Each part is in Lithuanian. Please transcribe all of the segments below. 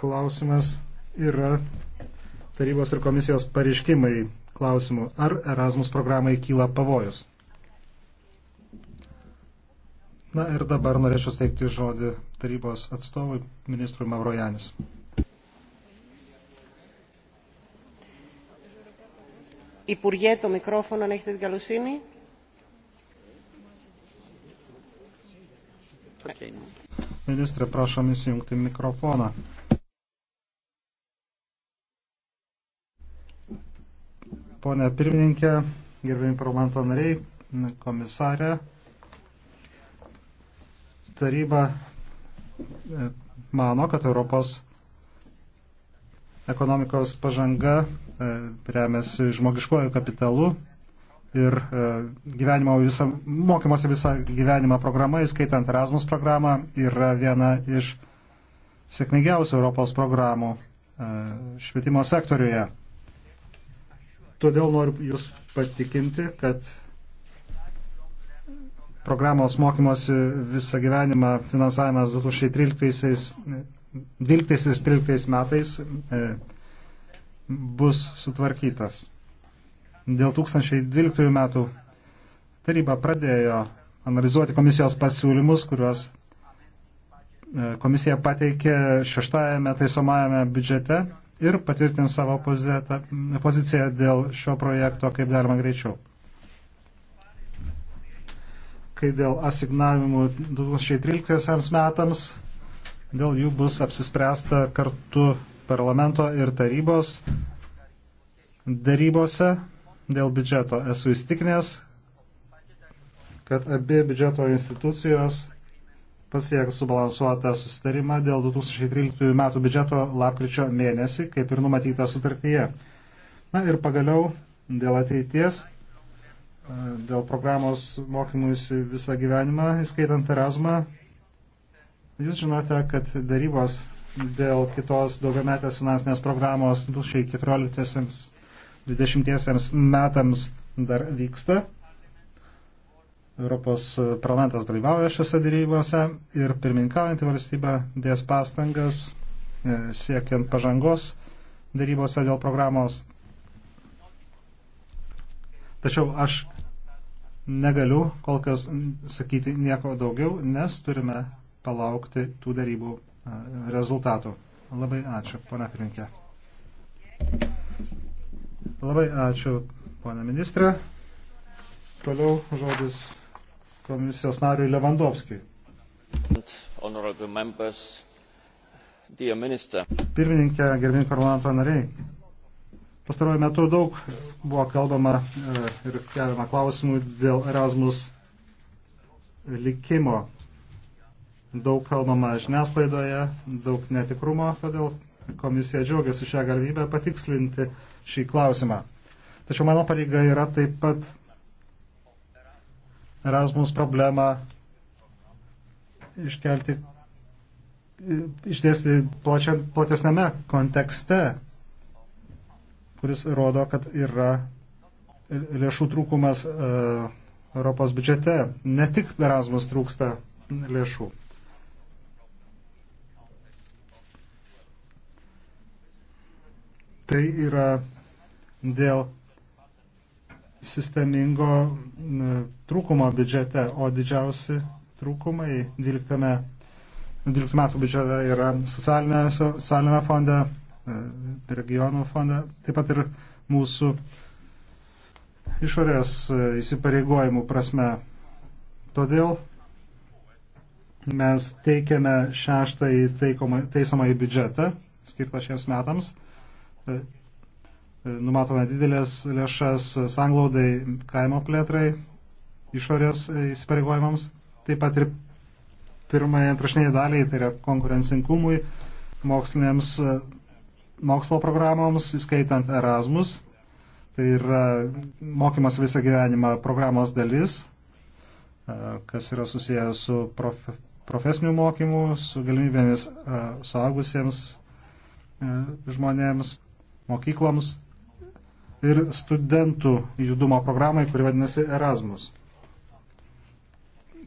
klausimas yra tarybos ir komisijos pareiškimai klausimu, ar Erasmus programai kyla pavojus. Na ir dabar norėčiau steigti žodį tarybos atstovui ministrui Mavrojanis. Υπουργέ, το μικρόφωνο αν έχετε την καλοσύνη. Ministrė, prašom įsijungti mikrofoną. Pone pirmininkė, gerbėjim parlamento nariai, komisarė, taryba e, mano, kad Europos ekonomikos pažanga e, remiasi žmogiškojų kapitalu ir e, gyvenimo visą, mokymosi visą gyvenimą programą, įskaitant Erasmus programą, yra viena iš sėkmingiausių Europos programų švietimo sektoriuje. Todėl noriu Jūs patikinti, kad programos mokymosi visą gyvenimą finansavimas 2012-2013 metais e, bus sutvarkytas. Dėl 2012 metų taryba pradėjo analizuoti komisijos pasiūlymus, kuriuos e, komisija pateikė šeštajame taisomajame biudžete ir patvirtins savo poziciją dėl šio projekto kaip galima greičiau. Kai dėl asignavimų 2013 metams, dėl jų bus apsispręsta kartu parlamento ir tarybos darybose dėl biudžeto. Esu įstikinęs, kad abi biudžeto institucijos pasieks subalansuotą susitarimą dėl 2013 metų biudžeto lapkričio mėnesį, kaip ir numatyta sutartyje. Na ir pagaliau dėl ateities, dėl programos mokymųjus visą gyvenimą, įskaitant Erasmą, jūs žinote, kad darybos dėl kitos daugiametės finansinės programos 2014-2020 metams dar vyksta. Europos parlamentas dalyvauja šiose dėrybose ir pirmininkaujantį valstybę dės pastangas e, siekiant pažangos dėrybose dėl programos. Tačiau aš negaliu kol kas sakyti nieko daugiau, nes turime palaukti tų dėrybų e, rezultatų. Labai ačiū, ponia pirmininkė. Labai ačiū, ponia ministrė. Toliau žodis komisijos nariui Levandovskijui. Pirmininkė, gerbimi parlamento nariai, pastaruoju metu daug buvo kalbama e, ir keliama klausimų dėl Erasmus likimo. Daug kalbama žiniasklaidoje, daug netikrumo, todėl komisija džiaugiasi šią galimybę patikslinti šį klausimą. Tačiau mano pareiga yra taip pat Erasmus problemą iškelti, išdėsti plačia, platesnėme kontekste, kuris rodo, kad yra lėšų trūkumas uh, Europos biudžete. Ne tik Erasmus trūksta lėšų. Tai yra dėl sistemingo trūkumo biudžete, o didžiausi trūkumai 12, 12 metų biudžete yra socialinėme fonde, e, regionų fonde, taip pat ir mūsų išorės e, įsipareigojimų prasme. Todėl mes teikiame šeštąjį teisomąjį biudžetą skirtą šiems metams e, numatome didelės lėšas sanglaudai kaimo plėtrai, išorės įsipareigojimams, taip pat ir pirmąją antrašinėje daliai, tai yra konkurencinkumui, mokslinėms e, mokslo programoms, įskaitant Erasmus. Tai yra mokymas visą gyvenimą programos dalis, e, kas yra susijęs su prof, profesiniu mokymu, su galimybėmis e, suaugusiems žmonėms, mokykloms ir studentų judumo programai, kuri vadinasi Erasmus.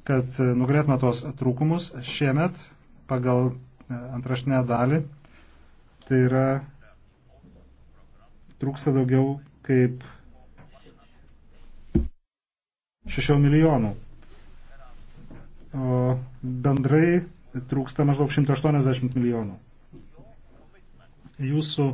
Kad e, nugalėtume tuos trūkumus šiemet pagal e, antrašinę dalį, tai yra trūksta daugiau kaip 6 milijonų. O bendrai trūksta maždaug 180 milijonų. Jūsų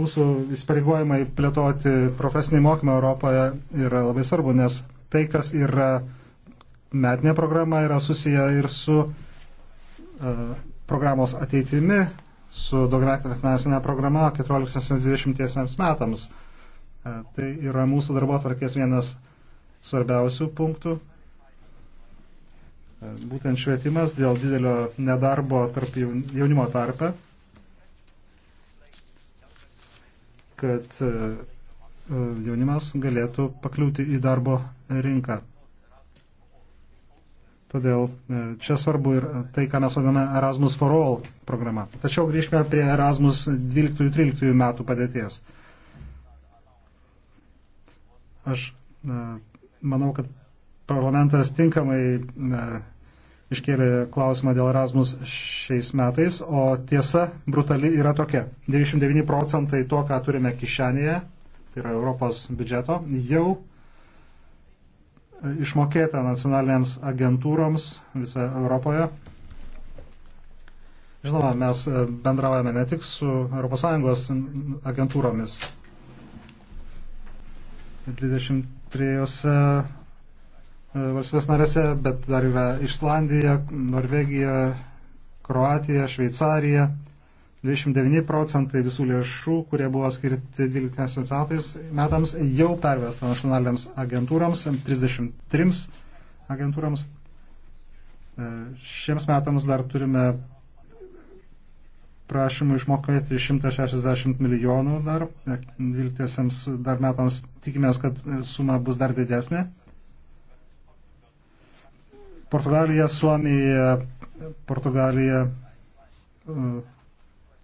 mūsų įsipareigojimai plėtoti profesinį mokymą Europoje yra labai svarbu, nes tai, kas yra metinė programa, yra susiję ir su uh, programos ateitimi, su daugiametė finansinė programa 14-20 metams. Uh, tai yra mūsų darbo atvarkės vienas svarbiausių punktų. Uh, būtent švietimas dėl didelio nedarbo tarp jaunimo tarpe. kad e, e, jaunimas galėtų pakliūti į darbo rinką. Todėl e, čia svarbu ir tai, ką mes vadiname Erasmus for All programa. Tačiau grįžkime prie Erasmus 12-13 metų padėties. Aš manau, kad parlamentas tinkamai iškėlė klausimą dėl Erasmus šiais metais, o tiesa brutali yra tokia. 99 procentai to, ką turime kišenėje, tai yra Europos biudžeto, jau e, išmokėta nacionalinėms agentūroms visoje Europoje. Žinoma, mes e, bendraujame ne tik su ES agentūromis. 23 valstybės narėse, bet dar yra Islandija, Norvegija, Kroatija, Šveicarija. 29 procentai visų lėšų, kurie buvo skirti 12 metams, jau pervesta nacionaliniams agentūrams, 33 agentūrams. E, šiems metams dar turime prašymų išmokėti 160 milijonų dar, 12 e, dar metams tikimės, kad suma bus dar didesnė. Portugalija, Suomija, Portugalija, e,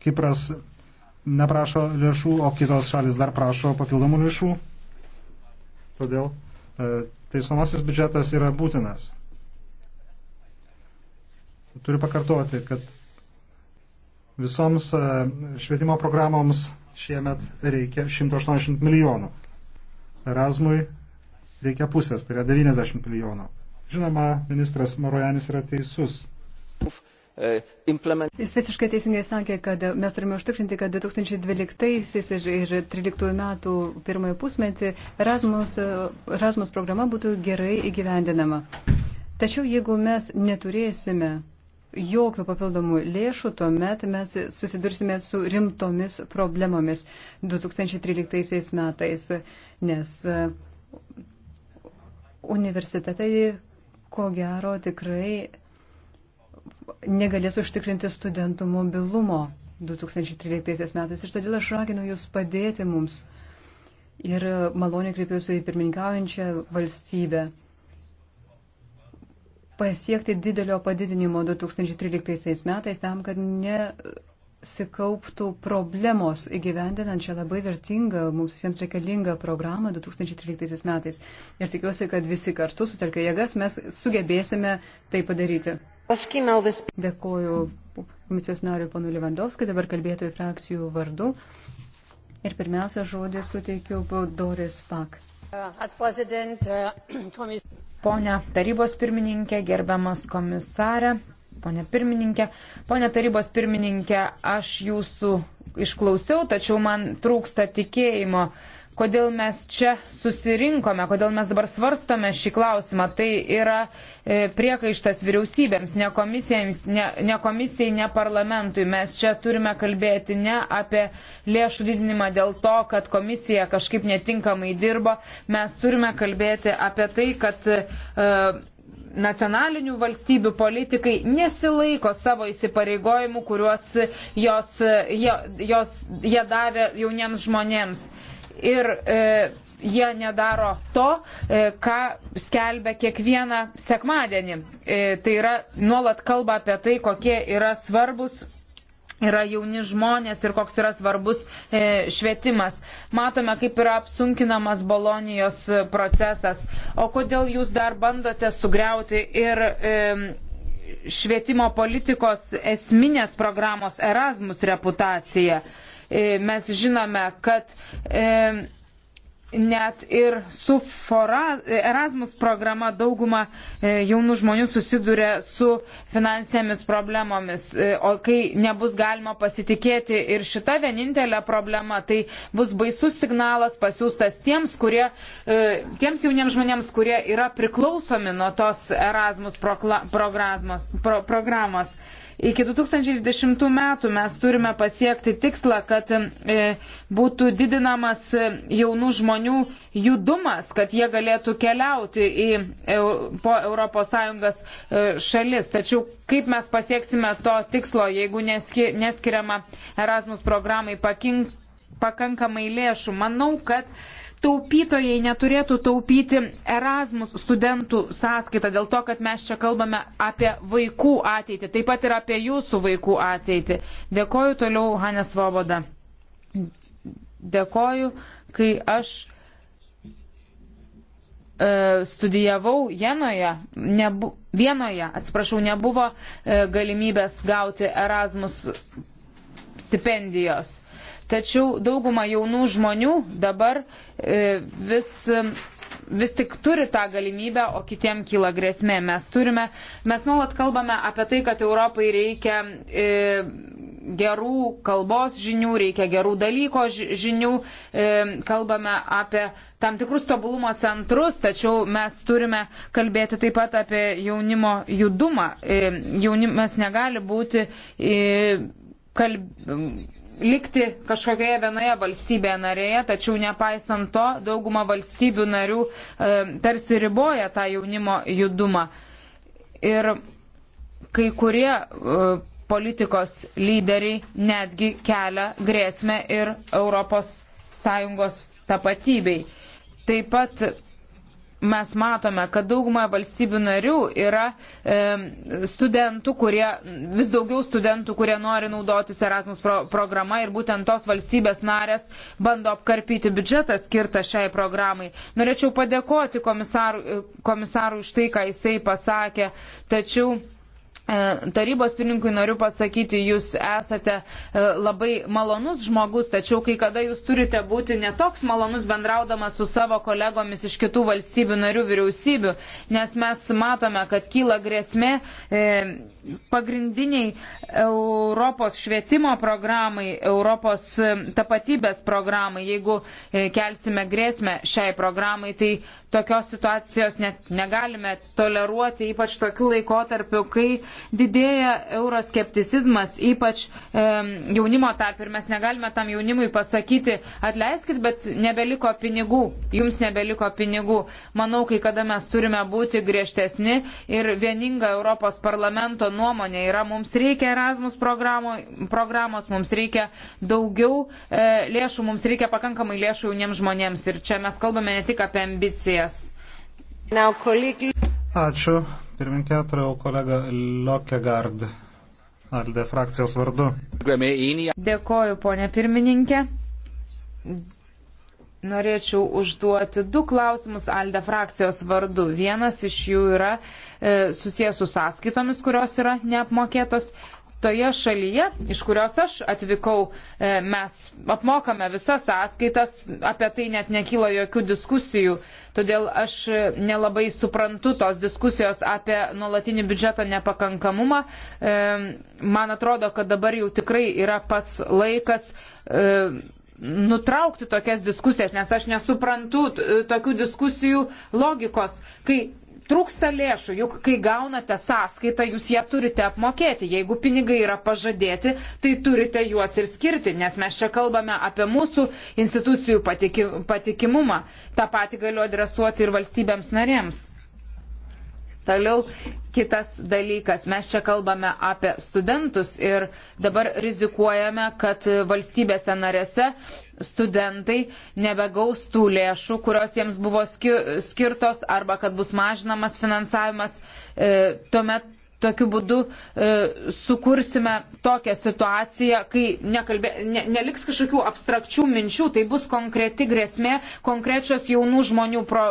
Kipras neprašo lėšų, o kitos šalis dar prašo papildomų lėšų. Todėl e, teisomasis biudžetas yra būtinas. Turiu pakartoti, kad visoms e, švietimo programoms šiemet reikia 180 milijonų. Erasmui reikia pusės, tai yra 90 milijonų. Žinoma, ministras Marojanis yra teisus. Jis visiškai teisingai sakė, kad mes turime užtikrinti, kad 2012 ir 2013 metų pirmojo pusmetį Erasmus, Erasmus programa būtų gerai įgyvendinama. Tačiau jeigu mes neturėsime jokio papildomų lėšų, tuomet mes susidursime su rimtomis problemomis 2013 metais, nes e, universitetai ko gero tikrai negalės užtikrinti studentų mobilumo 2013 metais. Ir todėl aš raginu Jūs padėti mums. Ir maloniai kreipiuosi į pirmininkaujančią valstybę pasiekti didelio padidinimo 2013 metais tam, kad ne susikauptų problemos įgyvendinančią labai vertingą, mums visiems reikalingą programą 2013 metais. Ir tikiuosi, kad visi kartu sutelkę jėgas mes sugebėsime tai padaryti. Dėkoju komisijos nariui panu Levandovskui, dabar kalbėtojų frakcijų vardu. Ir pirmiausia, žodį suteikiu Doris Pak. Pone tarybos pirmininkė, gerbiamas komisarė, ponė pirmininkė. Ponė tarybos pirmininkė, aš jūsų išklausiau, tačiau man trūksta tikėjimo. Kodėl mes čia susirinkome, kodėl mes dabar svarstome šį klausimą, tai yra e, priekaištas vyriausybėms, ne, ne, ne komisijai, ne parlamentui. Mes čia turime kalbėti ne apie lėšų didinimą dėl to, kad komisija kažkaip netinkamai dirbo, mes turime kalbėti apie tai, kad e, nacionalinių valstybių politikai nesilaiko savo įsipareigojimų, kuriuos jos, jos, jos, jie davė jauniems žmonėms. Ir e, jie nedaro to, e, ką skelbia kiekvieną sekmadienį. E, tai yra nuolat kalba apie tai, kokie yra svarbus yra jauni žmonės ir koks yra svarbus e, švietimas. Matome, kaip yra apsunkinamas Bolonijos e, procesas. O kodėl jūs dar bandote sugriauti ir e, švietimo politikos esminės programos Erasmus reputaciją? E, mes žinome, kad e, net ir su fora, Erasmus programa dauguma e, jaunų žmonių susiduria su finansinėmis problemomis. E, o kai nebus galima pasitikėti ir šita vienintelė problema, tai bus baisus signalas pasiūstas tiems, kurie, e, tiems jauniems žmonėms, kurie yra priklausomi nuo tos Erasmus pro, programos. Pro, programos. Iki 2020 metų mes turime pasiekti tikslą, kad e, būtų didinamas e, jaunų žmonių judumas, kad jie galėtų keliauti į, po ES e, šalis. Tačiau kaip mes pasieksime to tikslo, jeigu neskiriama Erasmus programai pakankamai lėšų? Manau, kad taupytojai neturėtų taupyti Erasmus studentų sąskaitą dėl to, kad mes čia kalbame apie vaikų ateitį, taip pat ir apie jūsų vaikų ateitį. Dėkoju toliau, Hanes Voboda. Dėkoju, kai aš e, studijavau Jenoje, nebu, Vienoje, atsiprašau, nebuvo e, galimybės gauti Erasmus stipendijos. Tačiau dauguma jaunų žmonių dabar e, vis, vis tik turi tą galimybę, o kitiem kyla grėsmė. Mes, turime, mes nuolat kalbame apie tai, kad Europai reikia e, gerų kalbos žinių, reikia gerų dalyko žinių, e, kalbame apie tam tikrus tobulumo centrus, tačiau mes turime kalbėti taip pat apie jaunimo judumą. E, jaunimas negali būti. E, kalb... likti kažkokioje vienoje valstybėje narėje, tačiau nepaisant to dauguma valstybių narių e, tarsi riboja tą jaunimo judumą. Ir kai kurie e, politikos lyderiai netgi kelia grėsmę ir ES tapatybei. Taip pat mes matome, kad daugumoje valstybių narių yra e, studentų, kurie, vis daugiau studentų, kurie nori naudotis Erasmus pro, programa ir būtent tos valstybės narės bando apkarpyti biudžetą skirtą šiai programai. Norėčiau padėkoti komisarui e, už tai, ką jisai pasakė, tačiau E, tarybos pirmininkui noriu pasakyti, jūs esate e, labai malonus žmogus, tačiau kai kada jūs turite būti netoks malonus bendraudamas su savo kolegomis iš kitų valstybių narių vyriausybių, nes mes matome, kad kyla grėsmė e, pagrindiniai Europos švietimo programai, Europos tapatybės programai. Jeigu kelsime grėsmę šiai programai, tai tokios situacijos net negalime toleruoti, ypač tokiu laikotarpiu, kai didėja euroskepticizmas, ypač e, jaunimo tarp ir mes negalime tam jaunimui pasakyti, atleiskit, bet nebeliko pinigų, jums nebeliko pinigų. Manau, kai kada mes turime būti griežtesni ir vieninga Europos parlamento nuomonė yra, mums reikia Erasmus programo, programos, mums reikia daugiau e, lėšų, mums reikia pakankamai lėšų jauniems žmonėms ir čia mes kalbame ne tik apie ambicijas. Ačiū pirmininkė, turėjau kolegą Lokegard, Alde frakcijos vardu. Dėkoju, ponė pirmininkė. Norėčiau užduoti du klausimus Alde frakcijos vardu. Vienas iš jų yra e, susijęs su sąskaitomis, kurios yra neapmokėtos toje šalyje, iš kurios aš atvykau, e, mes apmokame visas sąskaitas, apie tai net nekyla jokių diskusijų. Todėl aš nelabai suprantu tos diskusijos apie nuolatinį biudžeto nepakankamumą. E, man atrodo, kad dabar jau tikrai yra pats laikas e, nutraukti tokias diskusijas, nes aš nesuprantu tokių diskusijų logikos, kai trūksta lėšų, juk kai gaunate sąskaitą, jūs ją turite apmokėti. Jeigu pinigai yra pažadėti, tai turite juos ir skirti, nes mes čia kalbame apie mūsų institucijų patikimumą. Ta pati galiu adresuoti ir valstybėms narėms. Toliau kitas dalykas, mes čia kalbame apie studentus ir dabar rizikuojame, kad valstybėse narėse studentai nebegaus tų lėšų, kurios jiems buvo skirtos arba kad bus mažinamas finansavimas. E, tuomet tokiu būdu e, sukursime tokią situaciją, kai nekalbė, ne, neliks kažkokių abstrakčių minčių, tai bus konkreti grėsmė, konkrečios jaunų žmonių pro,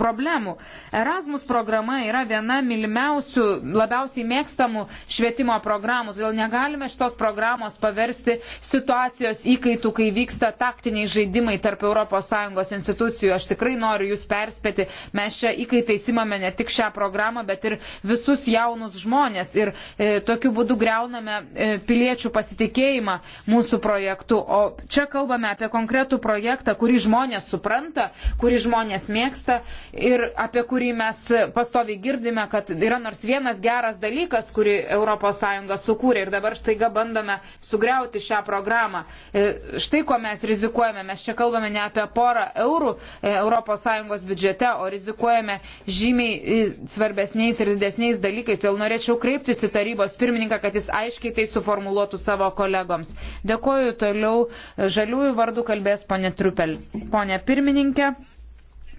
problemų. Erasmus programa yra viena mylimiausių, labiausiai mėgstamų švietimo programų, todėl negalime šitos programos paversti situacijos įkaitų, kai vyksta taktiniai žaidimai tarp ES institucijų. Aš tikrai noriu Jūs perspėti, mes čia įkaitais imame ne tik šią programą, bet ir visus jaunus žmonės ir e, tokiu būdu greuname e, piliečių pasitikėjimą mūsų projektu. O čia kalbame apie konkretų projektą, kurį žmonės supranta, kurį žmonės mėgsta ir apie kurį mes pastoviai girdime, kad yra nors vienas geras dalykas, kurį ES sukūrė ir dabar štaiga bandome sugriauti šią programą. E, štai ko mes rizikuojame. Mes čia kalbame ne apie porą eurų e, ES biudžete, o rizikuojame žymiai e, svarbesniais ir didesniais dalykais. Jau noriu norėčiau kreiptis į tarybos pirmininką, kad jis aiškiai tai suformuluotų savo kolegoms. Dėkoju toliau. Žaliųjų vardų kalbės ponė Trupel. Ponė pirmininkė.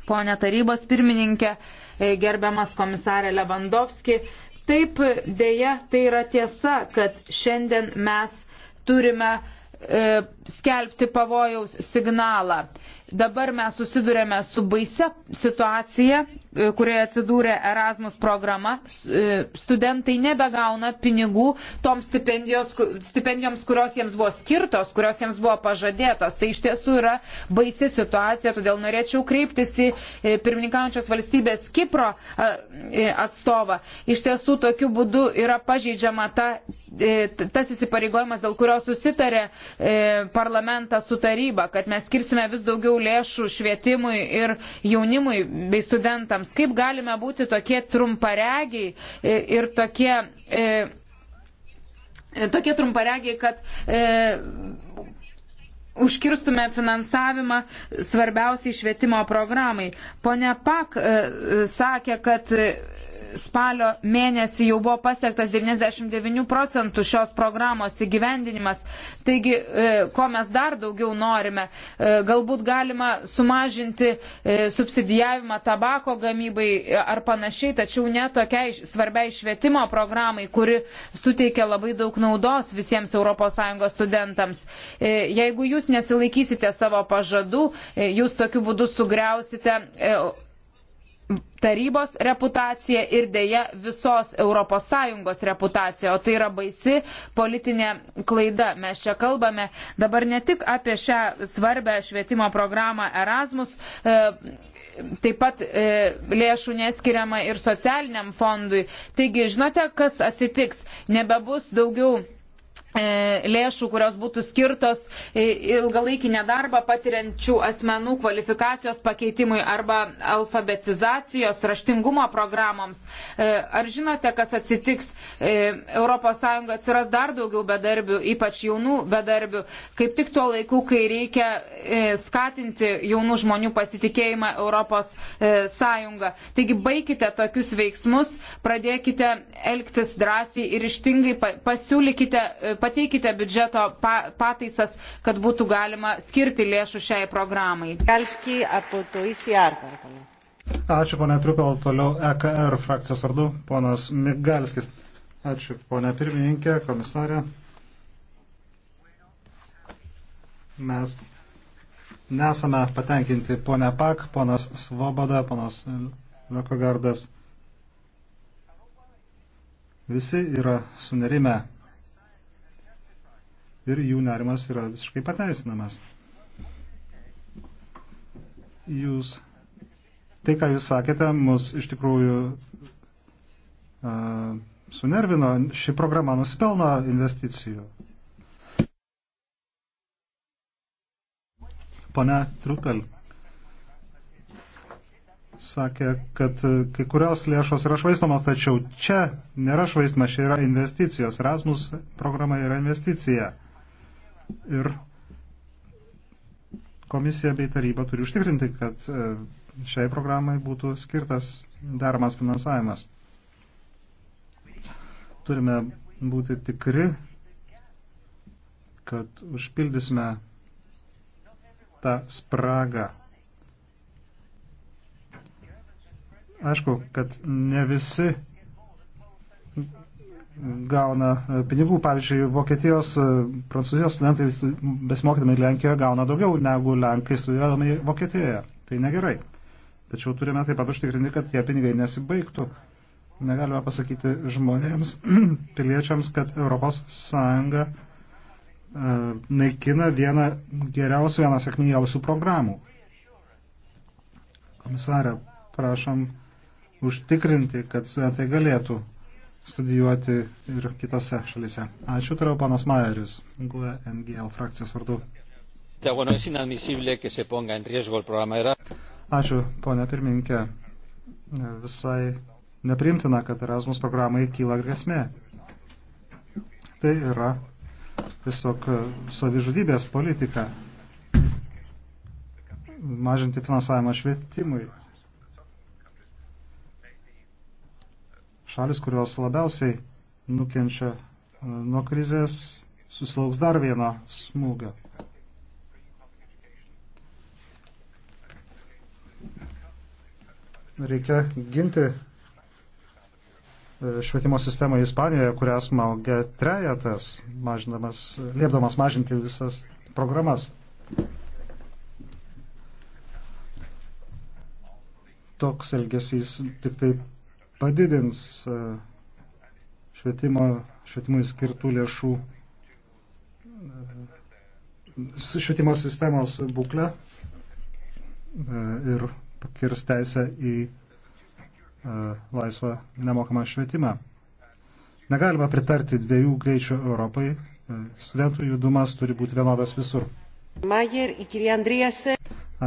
Pone tarybos pirmininkė, e, gerbiamas komisarė Levandovski, taip dėja tai yra tiesa, kad šiandien mes turime e, skelbti pavojaus signalą. Dabar mes susidurėme su baise situacija, kurioje atsidūrė Erasmus programa, e, studentai nebegauna pinigų toms stipendijoms, kurios jiems buvo skirtos, kurios jiems buvo pažadėtos. Tai iš tiesų yra baisi situacija, todėl norėčiau kreiptis į e, pirmininkaujančios valstybės Kipro e, atstovą. Iš tiesų tokiu būdu yra pažeidžiama ta, tas įsipareigojimas, dėl kurio susitarė parlamentas su taryba, kad mes skirsime vis daugiau lėšų švietimui ir jaunimui bei studentams piliečiams, kaip galime būti tokie trumparegiai e, ir tokie. E, e, Tokie trumparegiai, kad e, užkirstume finansavimą svarbiausiai švietimo programai. Pone Pak e, sakė, kad e, spalio mėnesį jau buvo pasiektas 99 procentų šios programos įgyvendinimas. Taigi, e, ko mes dar daugiau norime, e, galbūt galima sumažinti e, subsidijavimą tabako gamybai ar panašiai, tačiau ne tokiai svarbiai švietimo programai, kuri suteikia labai daug naudos visiems ES studentams. Jeigu jūs nesilaikysite savo pažadų, jūs tokiu būdu sugriausite tarybos reputacija ir dėja visos ES reputacija, o tai yra baisi politinė klaida. Mes čia kalbame dabar ne tik apie šią svarbę švietimo programą Erasmus, e, taip pat e, lėšų neskiriama ir socialiniam fondui. Taigi, žinote, kas atsitiks? Nebebus daugiau E, lėšų, kurios būtų skirtos e, ilgalaikį nedarbą patiriančių asmenų kvalifikacijos pakeitimui arba alfabetizacijos raštingumo programoms. E, ar žinote, kas atsitiks? ES atsiras dar daugiau bedarbių, ypač jaunų bedarbių, kaip tik tuo laiku, kai reikia skatinti jaunų žmonių pasitikėjimą ES. Taigi baikite tokius veiksmus, pradėkite elgtis drąsiai ir ištingai pasiūlykite pateikite biudžeto pa, pataisas, kad būtų galima skirti lėšų šiai programai. Ačiū, ponė Trupel, toliau EKR frakcijos vardu, ponas Migalskis. Ačiū, ponė pirmininkė, komisarė. Mes nesame patenkinti ponė Pak, ponas Svoboda, ponas Lekogardas. Visi yra sunerime ir jų nerimas yra visiškai pateisinamas. Jūs, tai ką jūs sakėte, mus iš tikrųjų uh, sunervino, ši programa nusipelno investicijų. Pone Trupel sakė, kad kai kurios lėšos yra švaistomas, tačiau čia nėra švaistimas, čia yra investicijos. Erasmus programa yra investicija ir komisija bei taryba turi užtikrinti, kad e, šiai programai būtų skirtas deramas finansavimas. Turime būti tikri, kad užpildysime tą spragą. Aišku, kad ne visi gauna e, pinigų. Pavyzdžiui, Vokietijos, e, Prancūzijos studentai besimokydami Lenkijoje gauna daugiau negu Lenkai studijuodami Vokietijoje. Tai negerai. Tačiau turime taip pat užtikrinti, kad tie pinigai nesibaigtų. Negalime pasakyti žmonėms, piliečiams, kad ES e, naikina vieną geriausių, vieną sėkmingiausių programų. Komisarė, prašom užtikrinti, kad studentai galėtų studijuoti ir kitose šalise. Ačiū, toliau panas Majeris, GUE NGL frakcijos vardu. Ačiū, ponia pirmininkė. Visai neprimtina, kad Erasmus programai kyla grėsmė. Tai yra tiesiog savižudybės politika mažinti finansavimą švietimui. Šalis, kurios labiausiai nukenčia e, nuo krizės, susilauks dar vieną smūgą. Reikia ginti e, švietimo sistemą Ispanijoje, kurią smaugia trejatas, liepdamas mažinti visas programas. Toks elgesys tik taip padidins e, švietimo, švietimui skirtų lėšų e, švietimo sistemos būklę e, ir pakirs teisę į laisvą nemokamą švietimą. Negalima pritarti dviejų greičių Europai. Studentų judumas turi būti vienodas visur. Mayer,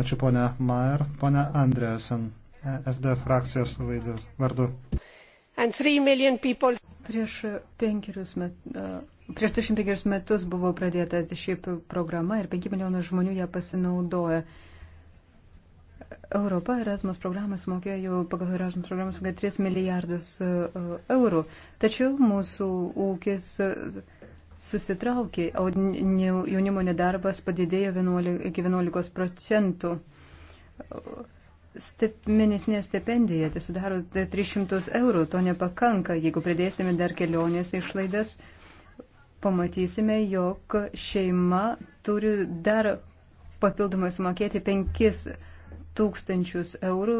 Ačiū ponia Mayer, ponia Andresen. FD e frakcijos vardu. Prieš penkerius metus. Prieš 25 metus buvo pradėta ši programa ir 5 milijonų žmonių ją pasinaudoja. Europa Erasmus programą sumokėjo jau pagal Erasmus programą sumokėjo 3 milijardus eurų. Tačiau mūsų ūkis susitraukė, o jaunimo nedarbas padidėjo 11, iki 11 procentų stip, mėnesinė stipendija, tai sudaro 300 eurų, to nepakanka. Jeigu pridėsime dar kelionės išlaidas, pamatysime, jog šeima turi dar papildomai sumokėti 5 tūkstančius eurų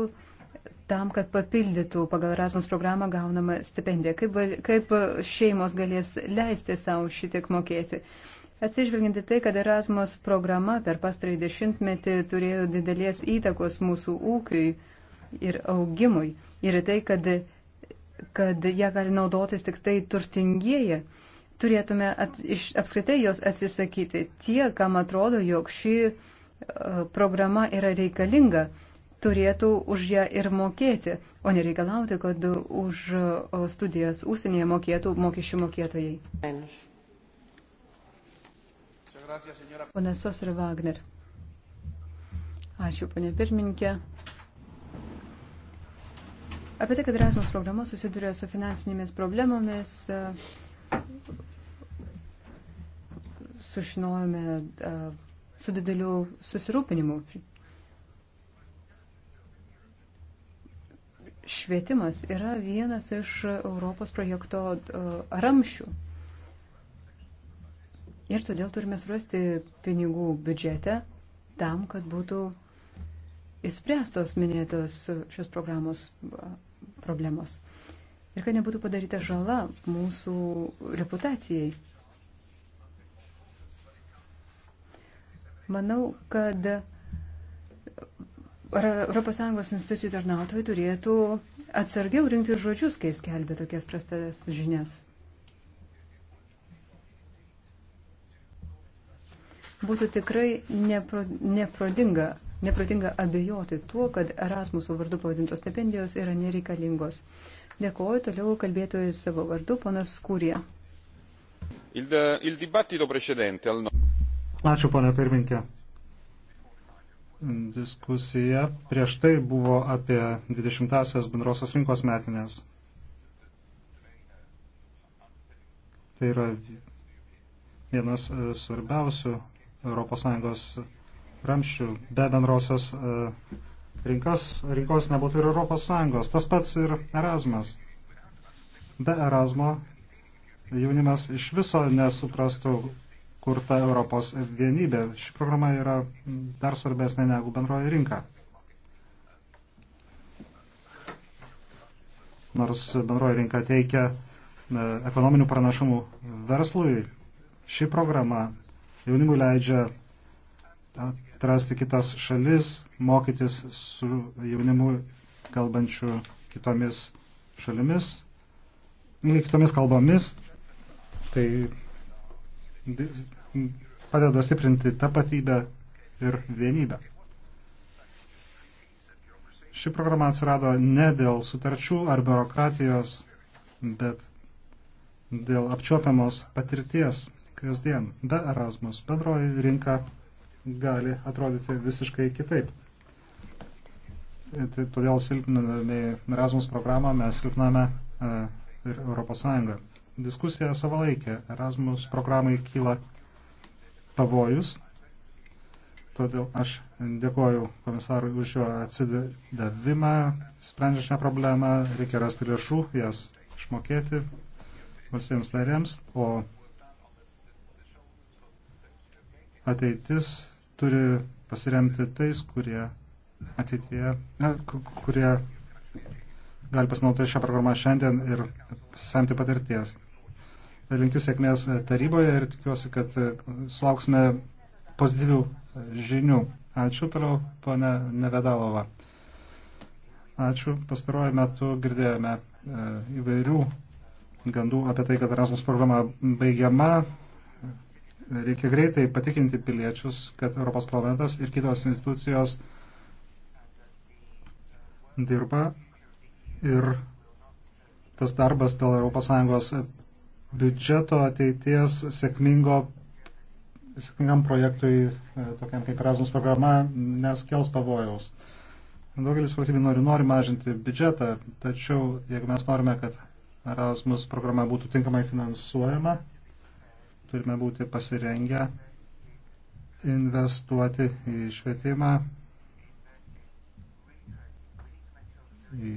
tam, kad papildytų pagal Erasmus programą gaunamą stipendiją. Kaip, kaip šeimos galės leisti savo šitiek mokėti? Uh, Atsižvelginti tai, kad Erasmus programa per pastarąjį dešimtmetį turėjo didelės įtakos mūsų ūkiui ir augimui ir tai, kad, kad ją gali naudotis tik tai turtingieji, turėtume at, iš, apskritai jos atsisakyti. Tie, kam atrodo, jog ši uh, programa yra reikalinga, turėtų už ją ir mokėti, o nereikalauti, kad už uh, studijas ūsienyje mokėtų mokesčių mokėtojai. Ainius. Pone Sosri Wagner. Ačiū, ponė pirmininkė. Apie tai, kad Erasmus programa susiduria su finansinėmis problemomis, sužinojome su dideliu susirūpinimu. Švietimas yra vienas iš Europos projekto ramšių. Ir todėl turime surasti pinigų biudžete tam, kad būtų įspręstos minėtos šios programos problemos. Ir kad nebūtų padaryta žala mūsų reputacijai. Manau, kad ES institucijų tarnautojai turėtų atsargiau rinkti žodžius, kai skelbia tokias prastas žinias. būtų tikrai nepro, neprodinga, neprodinga abejoti tuo, kad Erasmuso vardu pavadintos stipendijos yra nereikalingos. Dėkuoju, toliau kalbėtojai savo vardu, ponas Skūrė. Ačiū, ponė pirminkė. Diskusija prieš tai buvo apie 20-asias bendrosios rinkos metinės. Tai yra vienas e, svarbiausių ES ramščių. Be bendrosios e, rinkos, rinkos nebūtų ir ES. Tas pats ir Erasmas. Be Erasmo jaunimas iš viso nesuprastų, kur ta Europos vienybė. Ši programa yra dar svarbesnė negu bendroji rinka. Nors bendroji rinka teikia e, ekonominių pranašumų verslui, ši programa jaunimui leidžia atrasti kitas šalis, mokytis su jaunimu kalbančiu kitomis šalimis, kitomis kalbomis. Tai padeda stiprinti tapatybę ir vienybę. Ši programa atsirado ne dėl sutarčių ar biurokratijos, bet dėl apčiopiamos patirties kasdien. Be Erasmus bendroji rinka gali atrodyti visiškai kitaip. Tai todėl silpninami Erasmus programą mes silpname e, ir Europos Sąjungą. Diskusija savalaikė. Erasmus programai kyla pavojus. Todėl aš dėkoju komisarui už jo atsidavimą, sprendžiant šią problemą, reikia rasti lėšų, jas išmokėti valstybėms narėms, o ateitis turi pasiremti tais, kurie ateityje, ne, kurie gali pasinaudoti šią programą šiandien ir pasisemti patirties. Linkiu sėkmės taryboje ir tikiuosi, kad e, sulauksime pozityvių e, žinių. Ačiū toliau, ponė Nevedalova. Ačiū. Pastaruoju metu girdėjome e, įvairių gandų apie tai, kad Erasmus programa baigiama, Reikia greitai patikinti piliečius, kad Europos parlamentas ir kitos institucijos dirba ir tas darbas dėl ES biudžeto ateities sėkmingo, sėkmingam projektui, e, tokiam kaip Erasmus programa, neskels pavojaus. Daugelis valstybių nori, nori mažinti biudžetą, tačiau jeigu mes norime, kad Erasmus programa būtų tinkamai finansuojama, turime būti pasirengę investuoti į švietimą, į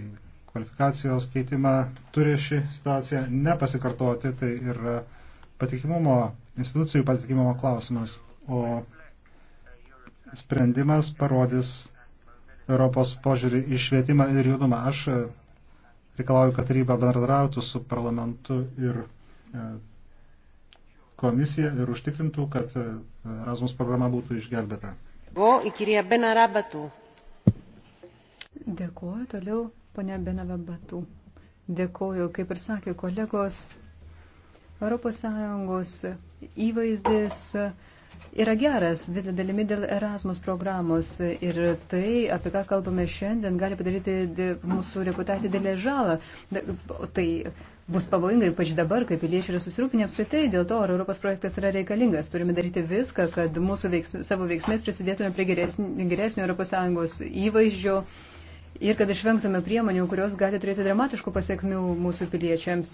kvalifikacijos keitimą. Turi ši situacija nepasikartoti, tai yra patikimumo, institucijų patikimumo klausimas, o sprendimas parodys Europos požiūrį į švietimą ir judumą. Aš reikalauju, kad taryba bendradarautų su parlamentu ir e, komisiją ir užtikrintų, kad e, Erasmus programa būtų išgelbėta. Dėkuoju toliau, ponia Benave Batu. Dėkuoju, kaip ir sakė kolegos, ES įvaizdis yra geras didelė dalimi dėl Erasmus programos ir tai, apie ką kalbame šiandien, gali padaryti mūsų reputaciją dėlę žalą. Tai bus pavojinga, ypač dabar, kai piliečiai yra susirūpinę apskritai dėl to, ar Europos projektas yra reikalingas. Turime daryti viską, kad mūsų veiks, savo veiksmės prisidėtume prie geresnio, geresnio ES įvaizdžio ir kad išvengtume priemonių, kurios gali turėti dramatiškų pasiekmių mūsų piliečiams.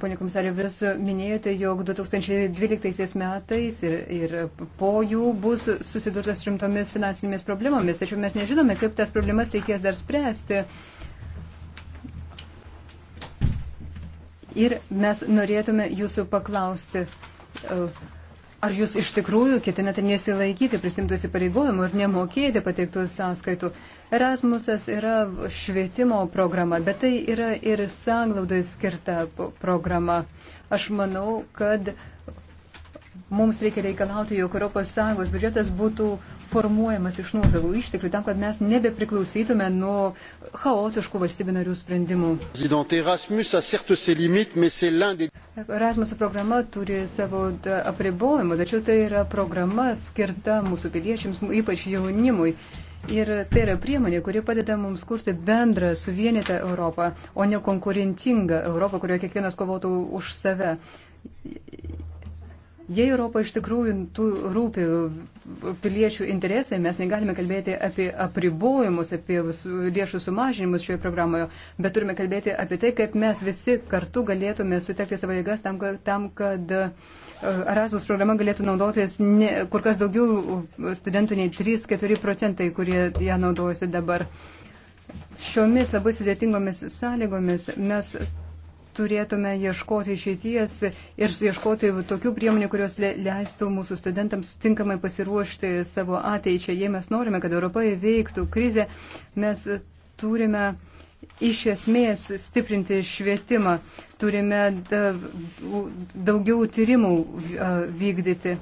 Pone komisarė, vis minėjote, jog 2012 metais ir, ir po jų bus susidurtas rimtomis finansinėmis problemomis, tačiau mes nežinome, kaip tas problemas reikės dar spręsti. Ir mes norėtume jūsų paklausti, e, ar jūs iš tikrųjų ketinate nesilaikyti prisimtų įsipareigojimų ir nemokėti pateiktų sąskaitų. Erasmusas yra švietimo programa, bet tai yra ir sanglaudai skirta programa. Aš manau, kad mums reikia reikalauti, jog ES biudžetas būtų formuojamas iš nuosavų išteklių tam, kad mes nebepriklausytume nuo chaotiškų valstybių narių sprendimų. Erasmus programa turi savo apribojimų, tačiau tai yra programa skirta mūsų piliečiams, ypač jaunimui. Ir tai yra priemonė, kuri padeda mums kurti bendrą, suvienytą Europą, o ne konkurencingą Europą, kurioje kiekvienas kovotų už save. Jei Europo iš tikrųjų rūpi piliečių interesai, mes negalime kalbėti apie apribojimus, apie lėšų sumažinimus šioje programoje, bet turime kalbėti apie tai, kaip mes visi kartu galėtume sutekti savo jėgas tam, kad, tam, kad e, Erasmus programa galėtų naudotis ne, kur kas daugiau e, studentų nei 3-4 procentai, kurie ją naudojasi dabar. Šiomis labai sudėtingomis sąlygomis mes turėtume ieškoti išeities ir ieškoti tokių priemonių, kurios leistų mūsų studentams tinkamai pasiruošti savo ateičiai. Jei mes norime, kad Europa įveiktų krizę, mes turime iš esmės stiprinti švietimą, turime daugiau tyrimų vykdyti.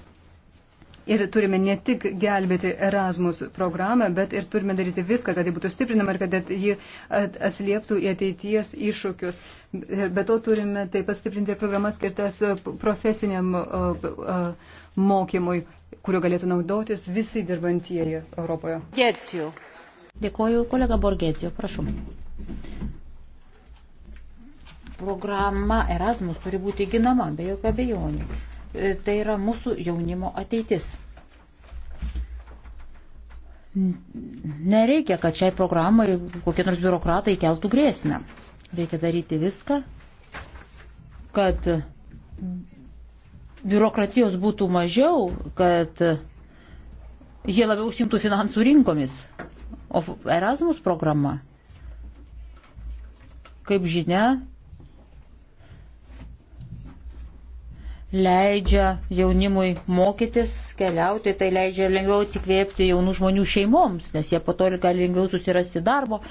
Ir turime ne tik gelbėti Erasmus programą, bet ir turime daryti viską, kad ji būtų stiprinama ir kad ji atslieptų į ateities iššūkius. Be to turime taip pat stiprinti ir programas skirtas e, profesiniam e, e, mokymui, kuriuo galėtų naudotis visi dirbantieji Europoje. Gėcijų. Dėkoju, kolega Borgėtijo, prašom programa Erasmus turi būti ginama, be jokio abejonių. Tai yra mūsų jaunimo ateitis. Nereikia, kad šiai programai kokie nors biurokratai keltų grėsmę. Reikia daryti viską, kad biurokratijos būtų mažiau, kad jie labiau užsimtų finansų rinkomis. O Erasmus programa, kaip žinia, leidžia jaunimui mokytis, keliauti, tai leidžia lengviau atsikvėpti jaunų žmonių šeimoms, nes jie po to gali lengviau susirasti darbo.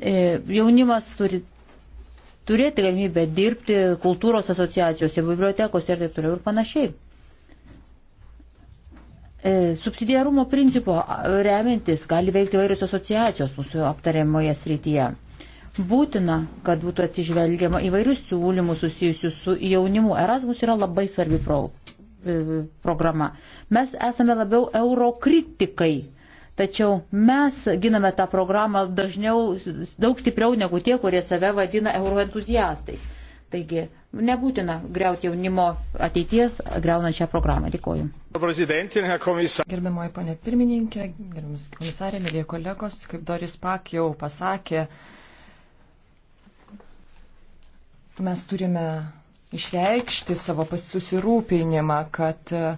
E, jaunimas turi turėti galimybę dirbti kultūros asociacijose, bibliotekos ir taip toliau ir panašiai. E, subsidiarumo principo remiantis gali veikti vairios asociacijos mūsų aptariamoje srityje. Būtina, kad būtų atsižvelgiama įvairius siūlymus susijusius su jaunimu. Erasmus yra labai svarbi pro, e, programa. Mes esame labiau eurokritikai, tačiau mes giname tą programą dažniau, daug stipriau negu tie, kurie save vadina euroentuziastais. Taigi nebūtina greuti jaunimo ateities, greunant šią programą. Dėkoju. Gerbiamoji ponė pirmininkė, gerbiamas komisarė, mėlyje kolegos, kaip Doris Pak jau pasakė, mes turime išreikšti savo susirūpinimą, kad e,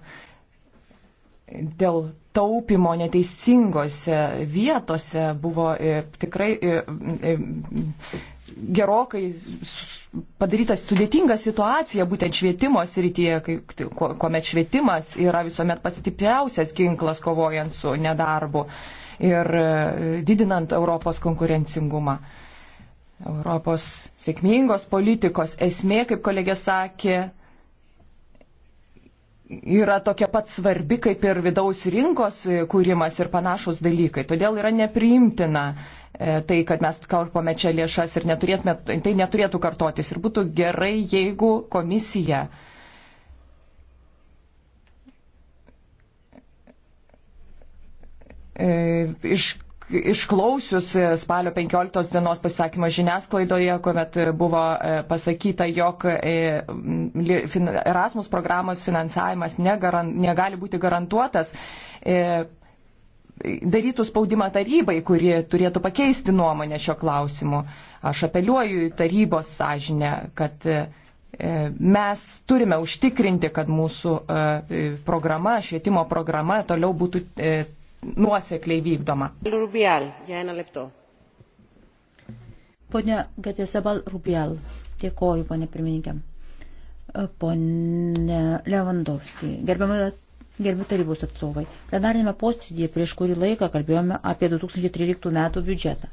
dėl taupimo neteisingose vietose buvo e, tikrai e, gerokai padarytas sudėtinga situacija būtent švietimo srityje, tai, kuomet švietimas yra visuomet pats stipriausias ginklas kovojant su nedarbu ir didinant Europos konkurencingumą. Europos sėkmingos politikos esmė, kaip kolegė sakė, yra tokia pat svarbi kaip ir vidaus rinkos kūrimas ir panašus dalykai. Todėl yra nepriimtina e, tai, kad mes karpome čia lėšas ir neturėtume, tai neturėtų kartotis. Ir būtų gerai, jeigu komisija e, iš išklausius spalio 15 dienos pasisakymą žiniasklaidoje, kuomet buvo e, pasakyta, jog e, Erasmus programos finansavimas negaran, negali būti garantuotas e, darytų spaudimą tarybai, kuri turėtų pakeisti nuomonę šio klausimu. Aš apeliuoju į tarybos sąžinę, kad mes turime užtikrinti, kad mūsų programa, švietimo programa toliau būtų nuosekliai vykdoma. Rubial, Pone Gatėsebal Rubial, dėkoju, pone pirmininkė. E, pone Levandovski, gerbiamas Gerbiu tarybos atstovai, plenarinėme posėdėje prieš kurį laiką kalbėjome apie 2013 metų biudžetą.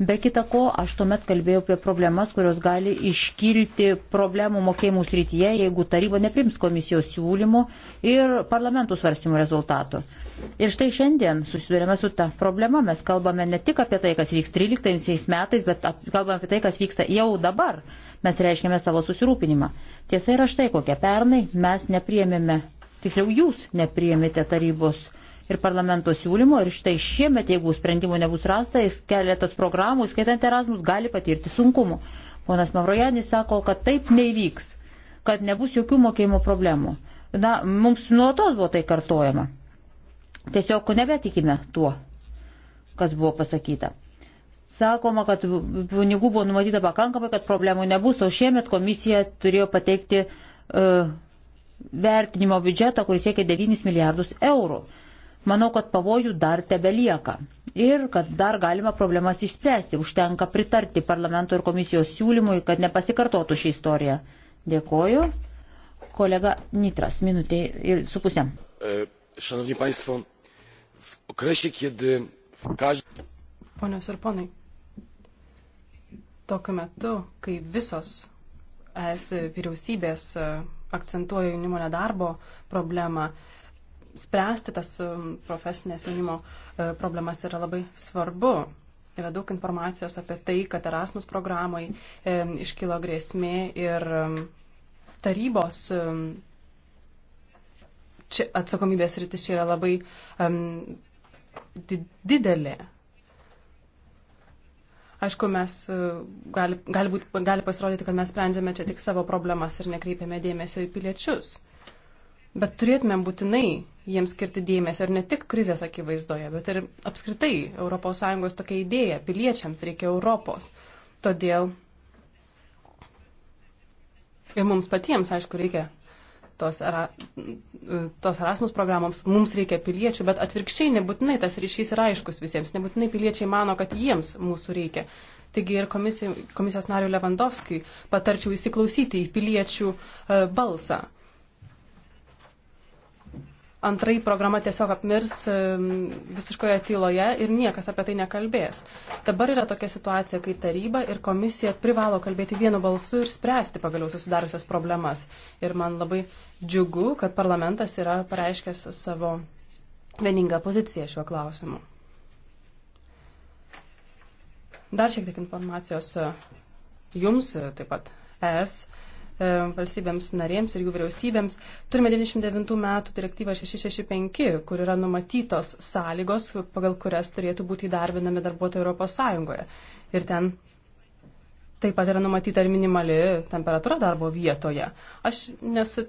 Be kita ko, aš tuomet kalbėjau apie problemas, kurios gali iškilti problemų mokėjimų srityje, jeigu taryba neprims komisijos siūlymų ir parlamentų svarstymų rezultatų. Ir štai šiandien susidurėme su ta problema. Mes kalbame ne tik apie tai, kas vyks 13 metais, bet kalbame apie tai, kas vyksta jau dabar. Mes reiškėme savo susirūpinimą. Tiesa yra štai kokia. Pernai mes nepriemėme, tiksliau jūs nepriemėte tarybos ir parlamento siūlymo ir štai šiemet, jeigu sprendimų nebus rasta, jis keletas programų, skaitant Erasmus, gali patirti sunkumų. Ponas Mavrojanis sako, kad taip nevyks, kad nebus jokių mokėjimo problemų. Na, mums nuolatos buvo tai kartojama. Tiesiog nebetikime tuo, kas buvo pasakyta. Sakoma, kad pinigų buvo numatyta pakankamai, kad problemų nebus, o šiemet komisija turėjo pateikti uh, vertinimo biudžetą, kuris siekia 9 milijardus eurų. Uh, Manau, kad pavojų dar tebelieka ir kad dar galima problemas išspręsti. Užtenka pritarti parlamento ir komisijos siūlymui, kad nepasikartotų šį istoriją. Dėkoju. Kolega Nitras, minutė ir su pusė. E, Šanovni paistvo, v okresie, kiedy w każdym... Ponios ir ponai, tokiu metu, kai visos es vyriausybės e, akcentuoja jaunimo nedarbo problemą, spręsti tas um, profesinės jaunimo e, problemas yra labai svarbu. Yra daug informacijos apie tai, kad Erasmus programai e, iškilo grėsmė ir tarybos e, čia atsakomybės rytis čia yra labai um, di didelė. Aišku, mes uh, gali, gali, būt, gali pasirodyti, kad mes sprendžiame čia tik savo problemas ir nekreipiame dėmesio į piliečius. Uh, bet turėtumėm būtinai jiems skirti dėmesio ir ne tik krizės akivaizdoje, bet ir apskritai ES tokia idėja, piliečiams reikia Europos. Todėl ir mums patiems, aišku, reikia tos, era, tos Erasmus programoms, mums reikia piliečių, bet atvirkščiai nebūtinai tas ryšys yra aiškus visiems, nebūtinai piliečiai mano, kad jiems mūsų reikia. Taigi ir komisijos nariu Levandovskijui patarčiau įsiklausyti į piliečių e, balsą Antrai programa tiesiog apmirs visiškoje tyloje ir niekas apie tai nekalbės. Dabar yra tokia situacija, kai taryba ir komisija privalo kalbėti vienu balsu ir spręsti pagaliau susidariusias problemas. Ir man labai džiugu, kad parlamentas yra pareiškęs savo vieningą poziciją šiuo klausimu. Dar šiek tiek informacijos jums, taip pat ES E, valstybėms narėms ir jų vyriausybėms. Turime 99 metų direktyvą 665, kur yra numatytos sąlygos, pagal kurias turėtų būti įdarbinami darbuotojai Europos Sąjungoje. Ir ten taip pat yra numatyta ir minimali temperatūra darbo vietoje. Aš nesu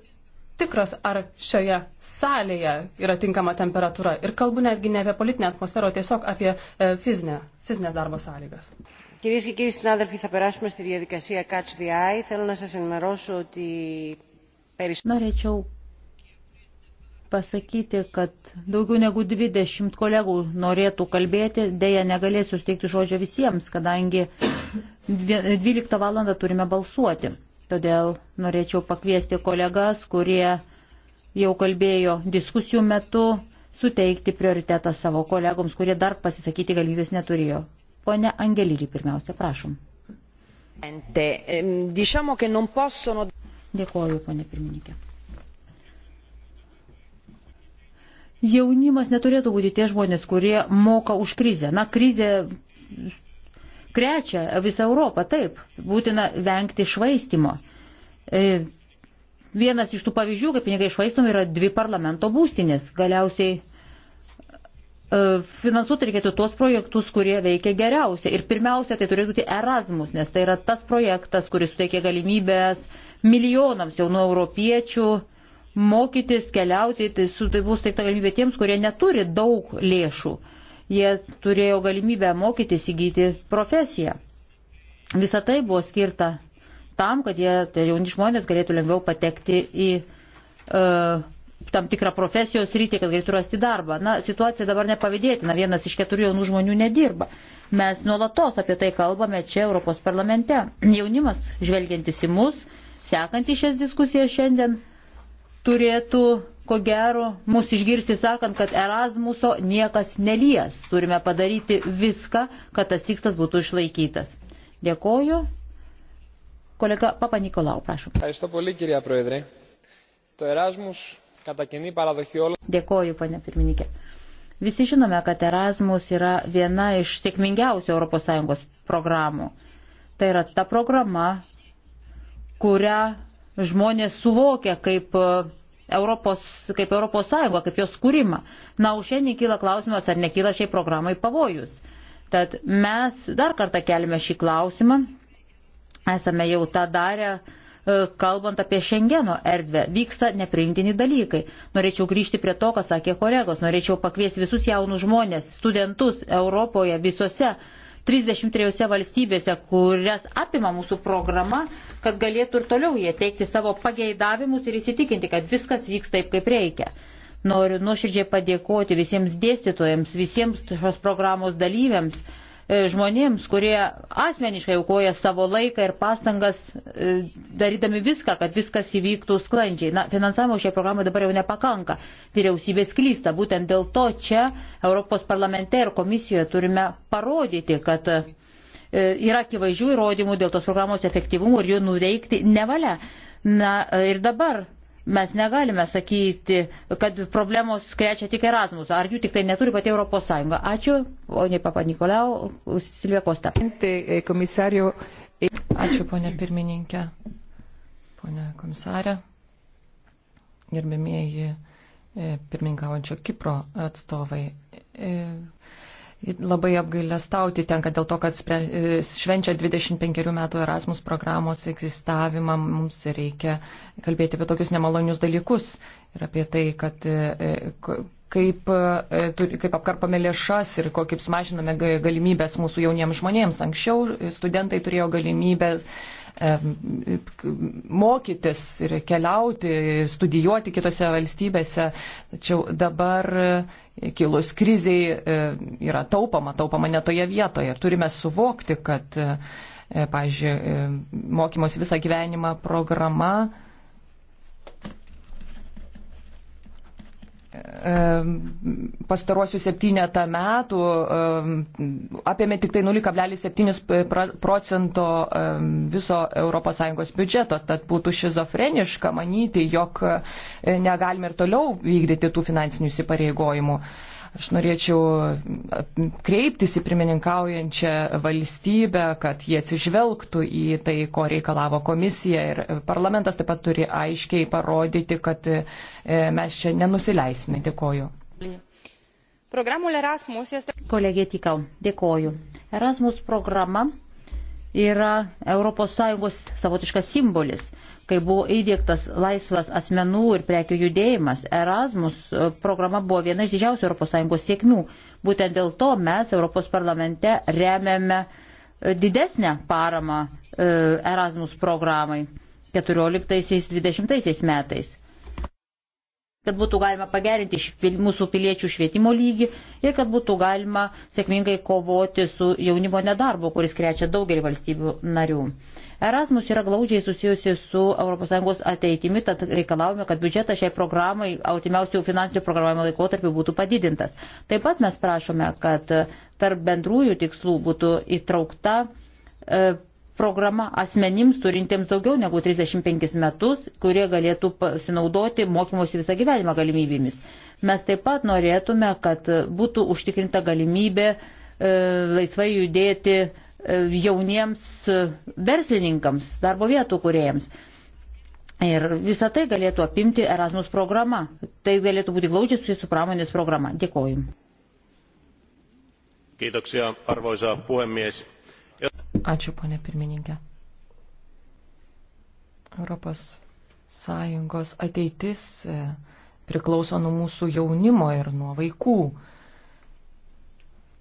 tikras, ar šioje salėje yra tinkama temperatūra. Ir kalbu netgi ne apie politinę atmosferą, o tiesiog apie e, fizinę, fizinės darbo sąlygas. Κυρίες και κύριοι συνάδελφοι, θα περάσουμε στη διαδικασία Catch the Eye. Θέλω να σας ενημερώσω ότι Norėčiau pasakyti, kad daugiau negu 20 kolegų norėtų kalbėti, dėja negalėsiu steikti žodžio visiems, kadangi 12 valandą turime balsuoti. Todėl norėčiau pakviesti kolegas, kurie jau kalbėjo diskusijų metu, suteikti prioritetą savo kolegoms, kurie dar pasisakyti galimybės neturėjo. Pone Angelirį, pirmiausia, prašom. Ehm, Dėkuoju, ponė pirmininkė. Jaunimas neturėtų būti tie žmonės, kurie moka už krizę. Na, krizė krečia visą Europą, taip, būtina vengti švaistimo. E, vienas iš tų pavyzdžių, kaip pinigai švaistomi, yra dvi parlamento būstinės. Galiausiai e, finansuoti reikėtų tuos projektus, kurie veikia geriausia. Ir pirmiausia, tai turėtų būti Erasmus, nes tai yra tas projektas, kuris suteikia galimybės milijonams jaunų europiečių mokytis, keliauti, tai, su, tai bus teikta galimybė tiems, kurie neturi daug lėšų. Uh, jie turėjo galimybę mokytis įgyti profesiją. Visa tai buvo skirta tam, kad jie, tai jauni žmonės, galėtų lengviau patekti į uh, tam tikrą profesijos rytį, kad galėtų rasti darbą. Na, situacija dabar nepavydėtina, vienas iš keturių jaunų žmonių nedirba. Mes nuolatos apie tai kalbame čia Europos parlamente. Jaunimas, žvelgiantis į mus, sekant į šias diskusijas šiandien, turėtų ko gero mus išgirsti sakant, kad Erasmuso niekas nelies. Turime padaryti viską, kad tas tikslas būtų išlaikytas. Dėkoju. Kolega Papa Nikolau, prašom. Dėkoju, pane pirmininkė. Visi žinome, kad Erasmus yra viena iš sėkmingiausių ES programų. Tai yra ta programa, kurią žmonės suvokia kaip Europos, kaip Europos Sąjunga, kaip jos kūrimą. Na, už šiandien kyla klausimas, ar nekyla šiai programai pavojus. Tad mes dar kartą keliame šį klausimą. Esame jau tą darę, e, kalbant apie Šengeno erdvę. Vyksta nepriimtini dalykai. Norėčiau grįžti prie to, ką sakė kolegos. Norėčiau pakviesti visus jaunus žmonės, studentus Europoje visose 33 valstybėse, kurias apima mūsų programa, kad galėtų ir toliau jie teikti savo pageidavimus ir įsitikinti, kad viskas vyks taip, kaip reikia. Noriu nuoširdžiai padėkoti visiems dėstytojams, visiems šios programos dalyviams E, žmonėms, kurie asmeniškai aukoja savo laiką ir pastangas, e, darydami viską, kad viskas įvyktų sklandžiai. Na, finansavimo šiai programai dabar jau nepakanka. Vyriausybės klysta. Būtent dėl to čia Europos parlamente ir komisijoje turime parodyti, kad e, yra akivaizdžių įrodymų dėl tos programos efektyvumo ir jų nuveikti nevalia. Na ir dabar Mes negalime sakyti, kad problemos krečia tik Erasmus, ar jų tik tai neturi pati Europos Sąjunga. Ačiū, ponė Papa Nikolau, Silvija Kosta. Ačiū, ponė pirmininkė, ponė komisarė, gerbėmieji e, pirmininkaujančio Kipro atstovai. E, Labai apgailestauti tenka dėl to, kad e, švenčia 25 metų Erasmus programos egzistavimą, mums reikia kalbėti apie tokius nemalonius dalykus ir apie tai, kad e, e, kaip, kaip apkarpame lėšas ir kaip sumažiname galimybės mūsų jauniems žmonėms. Anksčiau studentai turėjo galimybės mokytis ir keliauti, studijuoti kitose valstybėse. Tačiau dabar e, kilus kriziai e, yra taupama, taupama netoje vietoje. Turime suvokti, kad, e, pažiūrėjau, mokymosi visą gyvenimą programa pastaruosius septynetą metų apėmė tik tai 0,7 procento viso ES biudžeto, tad būtų šizofreniška manyti, jog e, negalime ir toliau vykdyti tų finansinių įsipareigojimų. Aš norėčiau kreiptis į pirmininkaujančią valstybę, kad jie atsižvelgtų į tai, ko reikalavo komisija ir parlamentas taip pat turi aiškiai parodyti, kad e, mes čia nenusileisime. Dėkoju. Programul Erasmus este... Kolegė Tikau, dėkoju. Erasmus programa yra ES savotiškas simbolis kai buvo įdėktas laisvas asmenų ir prekių judėjimas, Erasmus e, programa buvo viena iš didžiausių ES sėkmių. Būtent dėl to mes Europos parlamente remiame e, didesnę paramą e, Erasmus programai 14-20 metais kad būtų galima pagerinti mūsų piliečių švietimo lygį ir kad būtų galima sėkmingai kovoti su jaunimo nedarbu, kuris krečia daugelį valstybių narių. Erasmus yra glaudžiai susijusi su ES ateitimi, tad reikalavome, kad biudžetas šiai programai artimiausių finansinių programavimo laikotarpių būtų padidintas. Taip pat mes prašome, kad tarp bendrųjų tikslų būtų įtraukta e, programa asmenims turintiems daugiau negu 35 metus, kurie galėtų pasinaudoti mokymosi visą gyvenimą galimybėmis. Mes taip pat norėtume, kad būtų užtikrinta galimybė e, laisvai judėti e, jauniems e, verslininkams, darbo vietų kuriejams. Ir visą tai galėtų apimti Erasmus programa. Tai galėtų būti glaudžiai su jūsų pramonės programa. Dėkoju. Kiitoksia, arvoisa puhemies Ačiū, ponė pirmininkė. Europos Sąjungos ateitis e, priklauso nuo mūsų jaunimo ir nuo vaikų.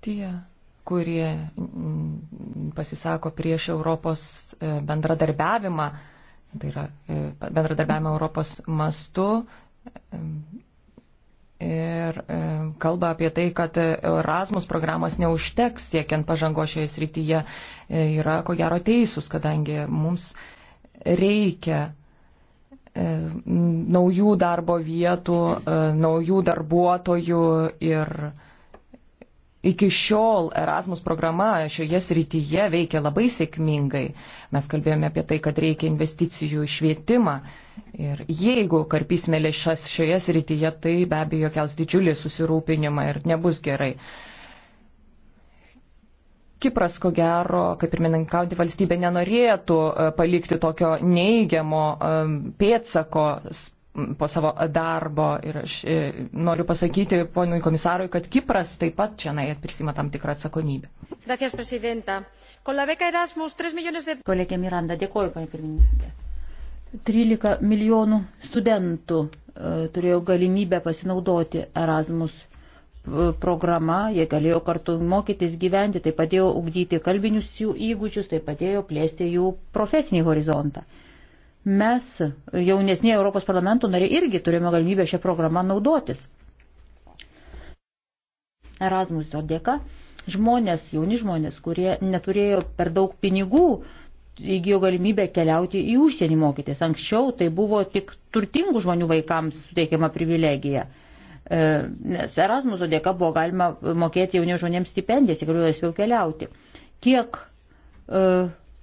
Tie, kurie mm, pasisako prieš Europos e, bendradarbiavimą, tai yra e, bendradarbiavimą Europos mastu, ir e, kalba apie tai, kad Erasmus programos neužteks siekiant pažango šioje srityje, e, yra ko gero teisūs, kadangi mums reikia e, naujų darbo vietų, naujų darbuotojų ir Iki šiol Erasmus programa šioje srityje veikia labai sėkmingai. Mes kalbėjome apie tai, kad reikia investicijų į švietimą. Ir jeigu karpysime lėšas šioje srityje, tai be abejo kels didžiulį susirūpinimą ir nebus gerai. Kipras, ko gero, kaip ir meninkauti valstybė, nenorėtų e, palikti tokio neigiamo e, pėtsako po savo darbo ir aš e, noriu pasakyti ponui komisarui, kad Kipras taip pat čia prisima tam tikrą atsakomybę. Gracias, prezidenta. Con la beca Erasmus 3 millones de... Kolegė Miranda, dėkoju, panė pirmininkė. 13 milijonų studentų e, turėjo galimybę pasinaudoti Erasmus e, programa, jie galėjo kartu mokytis gyventi, tai padėjo ugdyti kalbinius jų įgūdžius, tai padėjo plėsti jų profesinį horizontą. Mes, jaunesnėje Europos parlamento nariai, irgi turime galimybę šią programą naudotis. Erasmuso dėka žmonės, jauni žmonės, kurie neturėjo per daug pinigų, įgyjo galimybę keliauti į užsienį mokytis. Anksčiau tai buvo tik turtingų žmonių vaikams suteikiama privilegija. E, nes Erasmuso dėka buvo galima mokėti jauniems žmonėms stipendijas, jie galėjo laisviau keliauti. Kiek uh,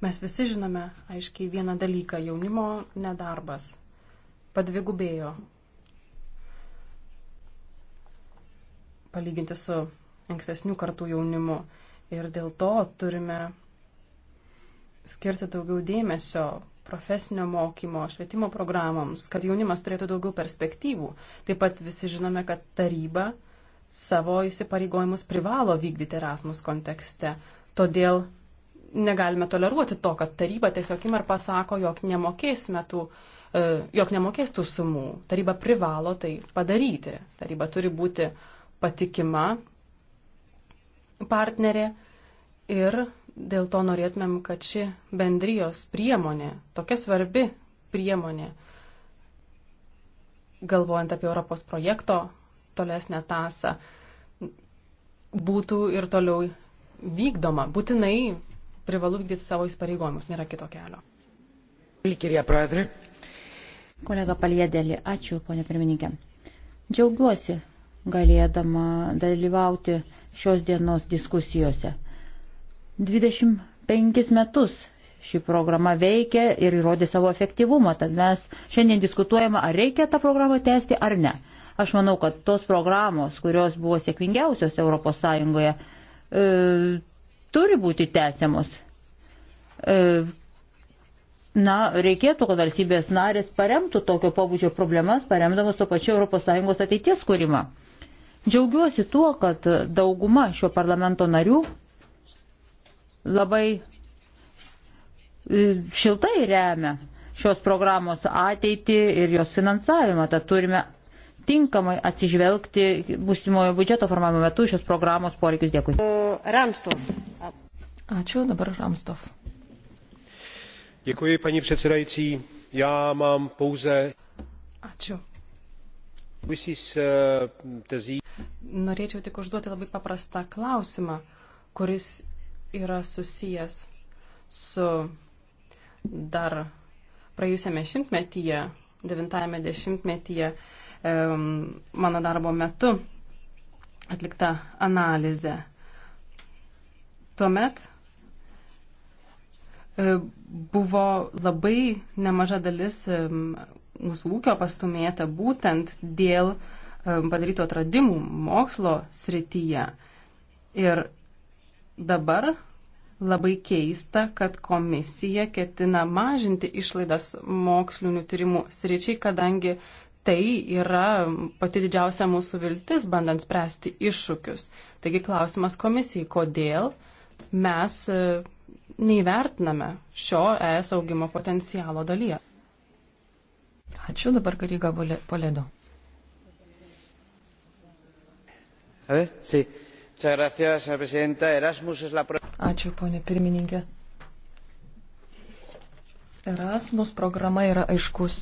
Mes visi žinome aiškiai vieną dalyką - jaunimo nedarbas padvigubėjo. Palyginti su ankstesnių kartų jaunimu. Ir dėl to turime skirti daugiau dėmesio profesinio mokymo, švietimo programoms, kad jaunimas turėtų daugiau perspektyvų. Taip pat visi žinome, kad taryba savo įsipareigojimus privalo vykdyti Erasmus kontekste. Todėl negalime toleruoti to, kad taryba tiesiog ima ir pasako, jog nemokėsime tų, e, jog nemokės tų sumų. Taryba privalo tai padaryti. Taryba turi būti patikima partnerė ir dėl to norėtumėm, kad ši bendrijos priemonė, tokia svarbi priemonė, galvojant apie Europos projekto tolesnę tasą, būtų ir toliau vykdoma. Būtinai privalu vykdyti savo įsipareigojimus, nėra kito kelio. Kolega Paliedėlį, ačiū, ponė pirmininkė. Džiaugiuosi galėdama dalyvauti šios dienos diskusijose. 25 metus ši programa veikia ir įrodė savo efektyvumą, tad mes šiandien diskutuojame, ar reikia tą programą tęsti ar ne. Aš manau, kad tos programos, kurios buvo sėkmingiausios ES, turi būti tęsiamos. E, na, reikėtų, kad valstybės narės paremtų tokio pobūdžio problemas, paremdamas to pačiu ES ateities kūrimą. Džiaugiuosi tuo, kad dauguma šio parlamento narių labai e, šiltai remia šios programos ateitį ir jos finansavimą. Tad turime tinkamai atsižvelgti būsimojo biudžeto formavimo metu šios programos poreikius. Dėkui. Ramstov. Ačiū, dabar Ramstov. Děkuji, paní předsedající. Já mám pouze. Ačiū. Eh, Norėčiau tik užduoti labai paprastą klausimą, kuris yra susijęs su dar praėjusiame šimtmetyje, devintame dešimtmetyje mano darbo metu atlikta analizė. Tuomet e, buvo labai nemaža dalis mūsų ūkio pastumėta būtent dėl padarytų atradimų mokslo srityje. Ir dabar labai keista, kad komisija ketina mažinti išlaidas mokslinių tyrimų sričiai, kadangi tai yra pati didžiausia mūsų viltis, bandant spręsti iššūkius. Taigi klausimas komisijai, kodėl mes e, neįvertiname šio ES augimo potencialo dalyje. Ačiū dabar Garyga Poledo. Ačiū, ponė pirmininkė. Erasmus programa yra aiškus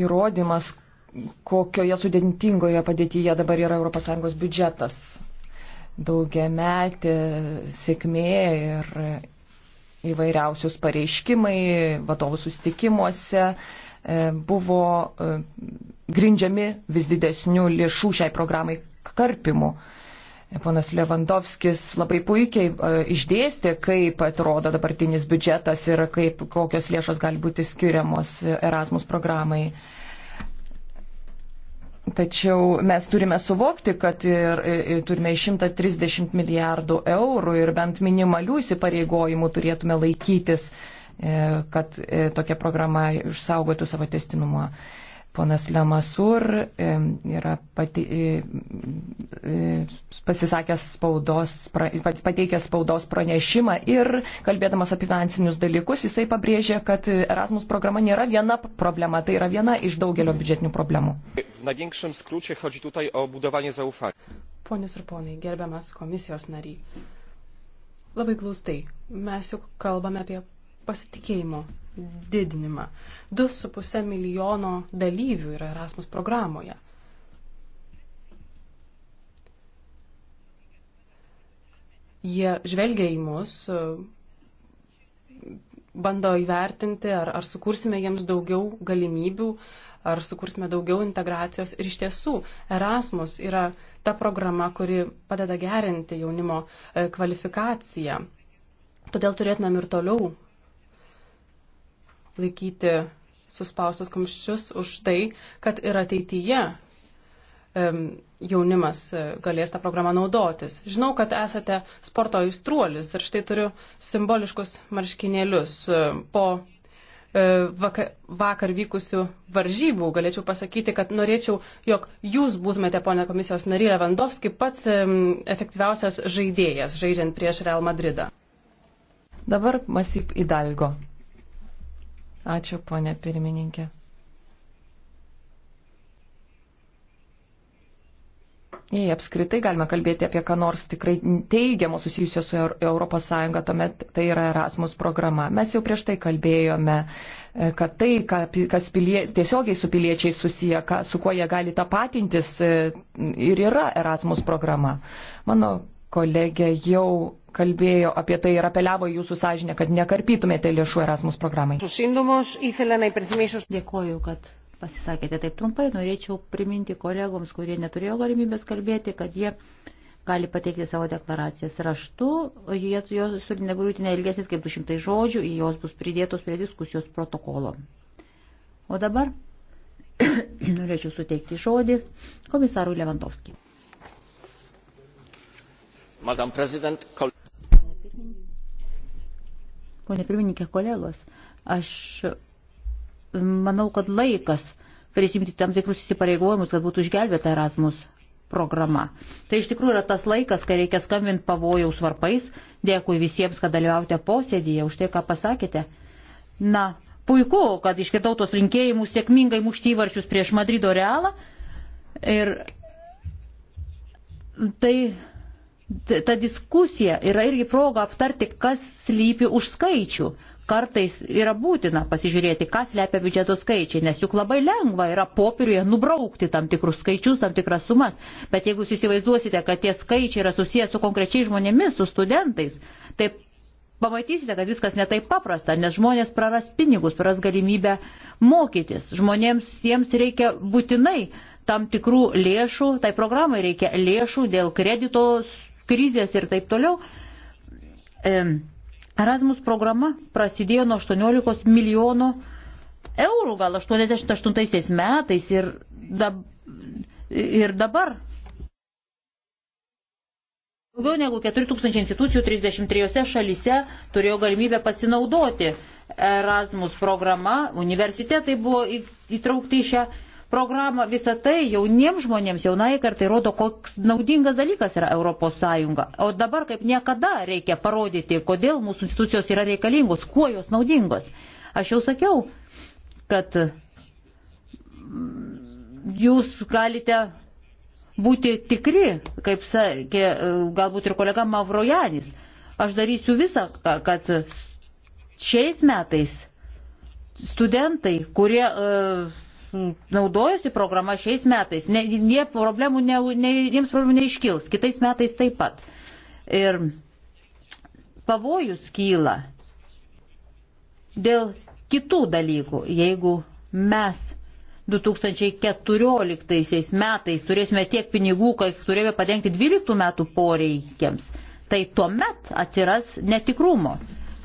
įrodymas, kokioje sudėtingoje padėtyje dabar yra ES biudžetas. Daugiametė sėkmė ir įvairiausius pareiškimai vadovų sustikimuose e, buvo e, grindžiami vis didesnių lėšų šiai programai karpimu. Ponas Levandovskis labai puikiai e, išdėstė, kaip atrodo dabartinis biudžetas ir kaip, kokios lėšos gali būti skiriamos Erasmus programai. Tačiau mes turime suvokti, kad ir, ir turime 130 milijardų eurų ir bent minimalių įsipareigojimų turėtume laikytis, e, kad e, tokia programa išsaugotų savo testinumą. Ponas Lemasur yra pati, e, e, pasisakęs spaudos, pateikęs spaudos pranešimą ir kalbėdamas apie finansinius dalykus, jisai pabrėžė, kad Erasmus programa nėra viena problema, tai yra viena iš daugelio biudžetinių problemų. Ponius ir ponai, gerbiamas komisijos nariai. Labai glaustai, mes juk kalbame apie pasitikėjimo didinimą. 2,5 milijono dalyvių yra Erasmus programoje. Jie žvelgia į mus, bando įvertinti, ar, ar sukursime jiems daugiau galimybių, ar sukursime daugiau integracijos. Ir iš tiesų, Erasmus yra ta programa, kuri padeda gerinti jaunimo e, kvalifikaciją. Todėl turėtumėm ir toliau laikyti suspaustus kumščius už tai, kad ir ateityje jaunimas e, galės tą programą naudotis. Žinau, kad esate sporto aistruolis ir štai turiu simboliškus marškinėlius. E, po e, vakar vykusių varžybų galėčiau pasakyti, kad norėčiau, jog jūs būtumėte, ponė komisijos narė Levandovski, pats efektyviausias žaidėjas žaidžiant prieš Real Madridą. Dabar Masip Idalgo. Ačiū, ponė pirmininkė. Jei apskritai galime kalbėti apie ką nors tikrai teigiamo susijusio su ES, tuomet tai yra Erasmus programa. Mes jau prieš tai kalbėjome, e, kad tai, kas pilie, tiesiogiai su piliečiais susiję, ka, su kuo jie gali tapatintis, e, ir yra Erasmus programa. Mano kolegė jau kalbėjo apie tai ir apeliavo jūsų sąžinę, kad nekarpytumėte lėšų Erasmus programai. Dėkoju, kad pasisakėte taip trumpai. Norėčiau priminti kolegoms, kurie neturėjo galimybės kalbėti, kad jie gali pateikti savo deklaracijas raštu, jos, jos turi nebūti neilgesnis kaip 200 žodžių, jos bus pridėtos prie diskusijos protokolo. O dabar norėčiau suteikti žodį komisarui Levantovskijui. Madam President, kol... Pone pirmininkė, kolegos, aš manau, kad laikas prisimti tam tikrus įsipareigojimus, kad būtų išgelbėta Erasmus programa. Tai iš tikrųjų yra tas laikas, kai reikia skambinti pavojaus varpais. Dėkui visiems, kad dalyvaujate posėdėje, už tai, ką pasakėte. Na, puiku, kad iškirtau tos linkėjimus sėkmingai mušti įvarčius prieš Madrido realą. Ir tai ta diskusija yra irgi proga aptarti, kas slypi už skaičių. Kartais yra būtina pasižiūrėti, kas lepia biudžeto skaičiai, nes juk labai lengva yra popieriuje nubraukti tam tikrus skaičius, tam tikras sumas, bet jeigu jūs įsivaizduosite, kad tie skaičiai yra susijęs su konkrečiai žmonėmis, su studentais, tai pamatysite, kad viskas netai paprasta, nes žmonės praras pinigus, praras galimybę mokytis. Žmonėms jiems reikia būtinai tam tikrų lėšų, tai programai reikia lėšų dėl kredito krizės ir taip toliau. Erasmus programa prasidėjo nuo 18 milijonų eurų, gal 88 metais ir, dab, ir dabar. Daugiau negu 4000 institucijų 33 šalyse turėjo galimybę pasinaudoti Erasmus programa, universitetai buvo įtraukti į šią programą. Visą tai jauniems žmonėms, jaunai kartai rodo, koks naudingas dalykas yra ES. O dabar kaip niekada reikia parodyti, kodėl mūsų institucijos yra reikalingos, kuo jos naudingos. Aš jau sakiau, kad jūs galite būti tikri, kaip sakė galbūt ir kolega Mavrojanis. Aš darysiu visą, kad šiais metais studentai, kurie uh, naudojasi programa šiais metais, ne, jie problemų, ne, ne, jiems problemų neiškils, kitais metais taip pat. Ir pavojus kyla dėl kitų dalykų, jeigu mes 2014 metais turėsime tiek pinigų, kad turėjome padengti 12 metų poreikiams, tai tuomet atsiras netikrumo.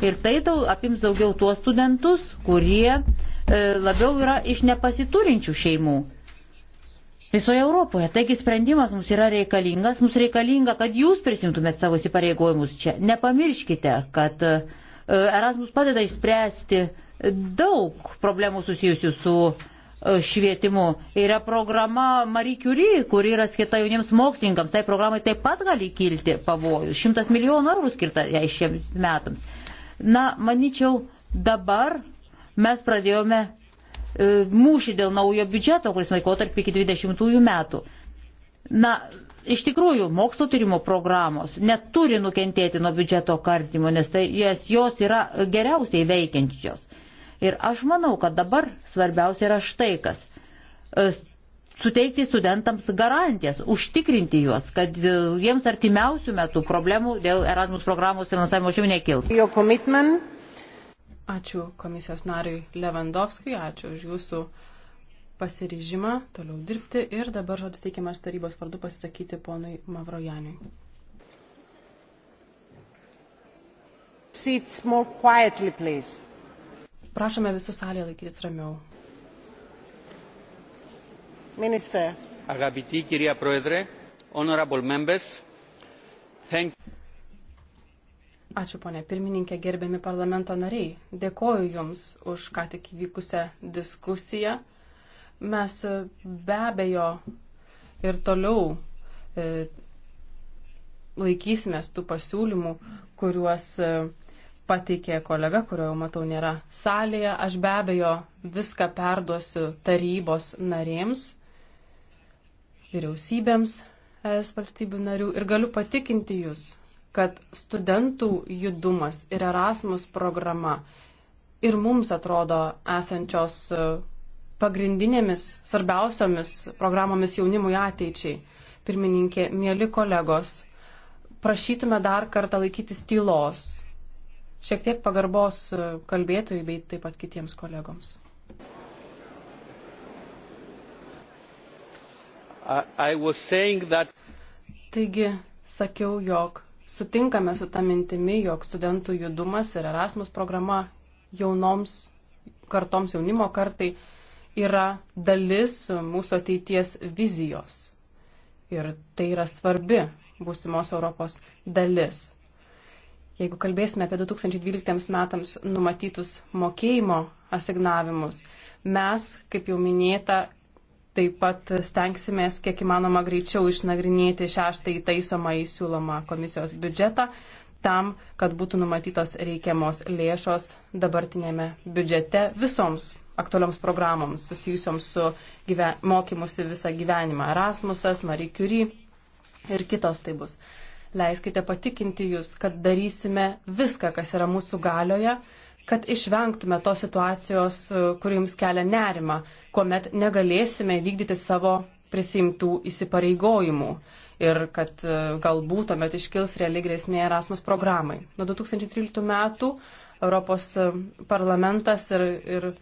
Ir tai apims daugiau tuos studentus, kurie E, labiau yra iš nepasiturinčių šeimų. Visoje Europoje. Taigi sprendimas mums yra reikalingas, mums reikalinga, kad jūs prisimtumėt savo įsipareigojimus čia. Nepamirškite, kad e, Erasmus padeda išspręsti daug problemų susijusių su e, švietimu. Yra programa Marie Curie, kuri yra skirta jauniems mokslininkams. Tai programai taip pat gali kilti pavojus. Šimtas milijonų eurų skirta jai šiems metams. Na, manyčiau, dabar mes pradėjome e, mūšį dėl naujo biudžeto, kuris laikotarpį iki 20 metų. Na, iš tikrųjų, mokslo tyrimo programos neturi nukentėti nuo biudžeto kartimo, nes tai, jas, jos yra geriausiai veikiančios. Ir aš manau, kad dabar svarbiausia yra štai kas e, suteikti studentams garantijas, užtikrinti juos, kad e, jiems artimiausių metų problemų dėl Erasmus programos finansavimo šių nekils. Ačiū komisijos nariui Levandovskijui, ačiū už jūsų pasiryžimą toliau dirbti ir dabar žodis teikiamas tarybos vardu pasisakyti ponui Mavrojaniui. Quietly, Prašome visus salėje laikytis ramiau. Minister. Agapiti, kiria proedre, honorable members, thank you. Ačiū, ponė pirmininkė, gerbiami parlamento nariai. Dėkoju Jums už ką tik įvykusią diskusiją. Mes e, be abejo ir toliau e, laikysimės tų pasiūlymų, kuriuos e, pateikė kolega, kurio jau matau nėra salėje. Aš be abejo viską perduosiu tarybos narėms, vyriausybėms es valstybių narių ir galiu patikinti Jūs, kad studentų judumas ir Erasmus programa ir mums atrodo esančios e, pagrindinėmis, svarbiausiomis programomis jaunimui ateičiai. Pirmininkė, mėly kolegos, prašytume dar kartą laikytis tylos, šiek tiek pagarbos e, kalbėtojai bei taip pat kitiems kolegoms. I, I that... Taigi, sakiau, jog sutinkame su tą mintimi, jog studentų judumas ir Erasmus programa jaunoms kartoms, jaunimo kartai yra dalis mūsų ateities vizijos. Ir tai yra svarbi būsimos Europos dalis. Jeigu kalbėsime apie 2012 metams numatytus mokėjimo asignavimus, mes, kaip jau minėta, Taip pat stengsimės kiek įmanoma greičiau išnagrinėti šeštąjį taisomą įsiūlomą komisijos biudžetą tam, kad būtų numatytos reikiamos lėšos dabartinėme biudžete visoms aktualioms programoms susijusioms su gyven, mokymusi visą gyvenimą. Erasmusas, Marie Curie ir kitos tai bus. Leiskite patikinti Jūs, kad darysime viską, kas yra mūsų galioje, kad išvengtume tos situacijos, e, kuri jums kelia nerima, kuomet negalėsime vykdyti savo prisimtų įsipareigojimų ir kad e, galbūt tuomet iškils reali grėsmė Erasmus programai. Nuo 2013 metų Europos e, parlamentas ir, ir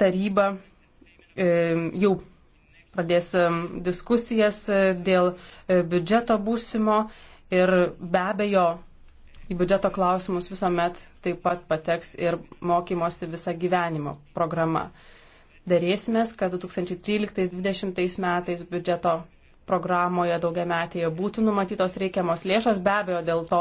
taryba jau pradės diskusijas dėl biudžeto būsimo ir be abejo į biudžeto klausimus visuomet taip pat pateks ir mokymosi visą gyvenimo programa. Darėsimės, kad 2013-2020 metais biudžeto programoje daugiametėje būtų numatytos reikiamos lėšos, be abejo dėl to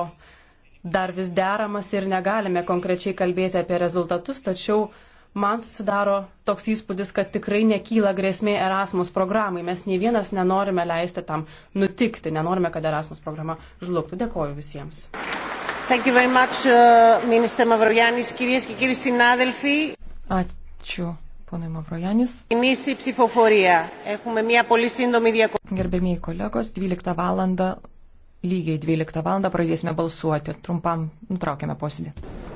dar vis deramas ir negalime konkrečiai kalbėti apie rezultatus, tačiau man susidaro toks įspūdis, kad tikrai nekyla grėsmė Erasmus programai. Mes nei vienas nenorime leisti tam nutikti, nenorime, kad Erasmus programa žlugtų. Dėkoju visiems. Thank you very much, uh, Minister Mavrojanis. Κυρίες και κύριοι συνάδελφοι. Ačiū, ponai Mavrojanis. Κινήσει ψηφοφορία. Έχουμε μια πολύ σύντομη διακοπή. Gerbėmiai kolegos, 12 valandą, lygiai 12 valandą pradėsime balsuoti. Trumpam nutraukėme posėdį.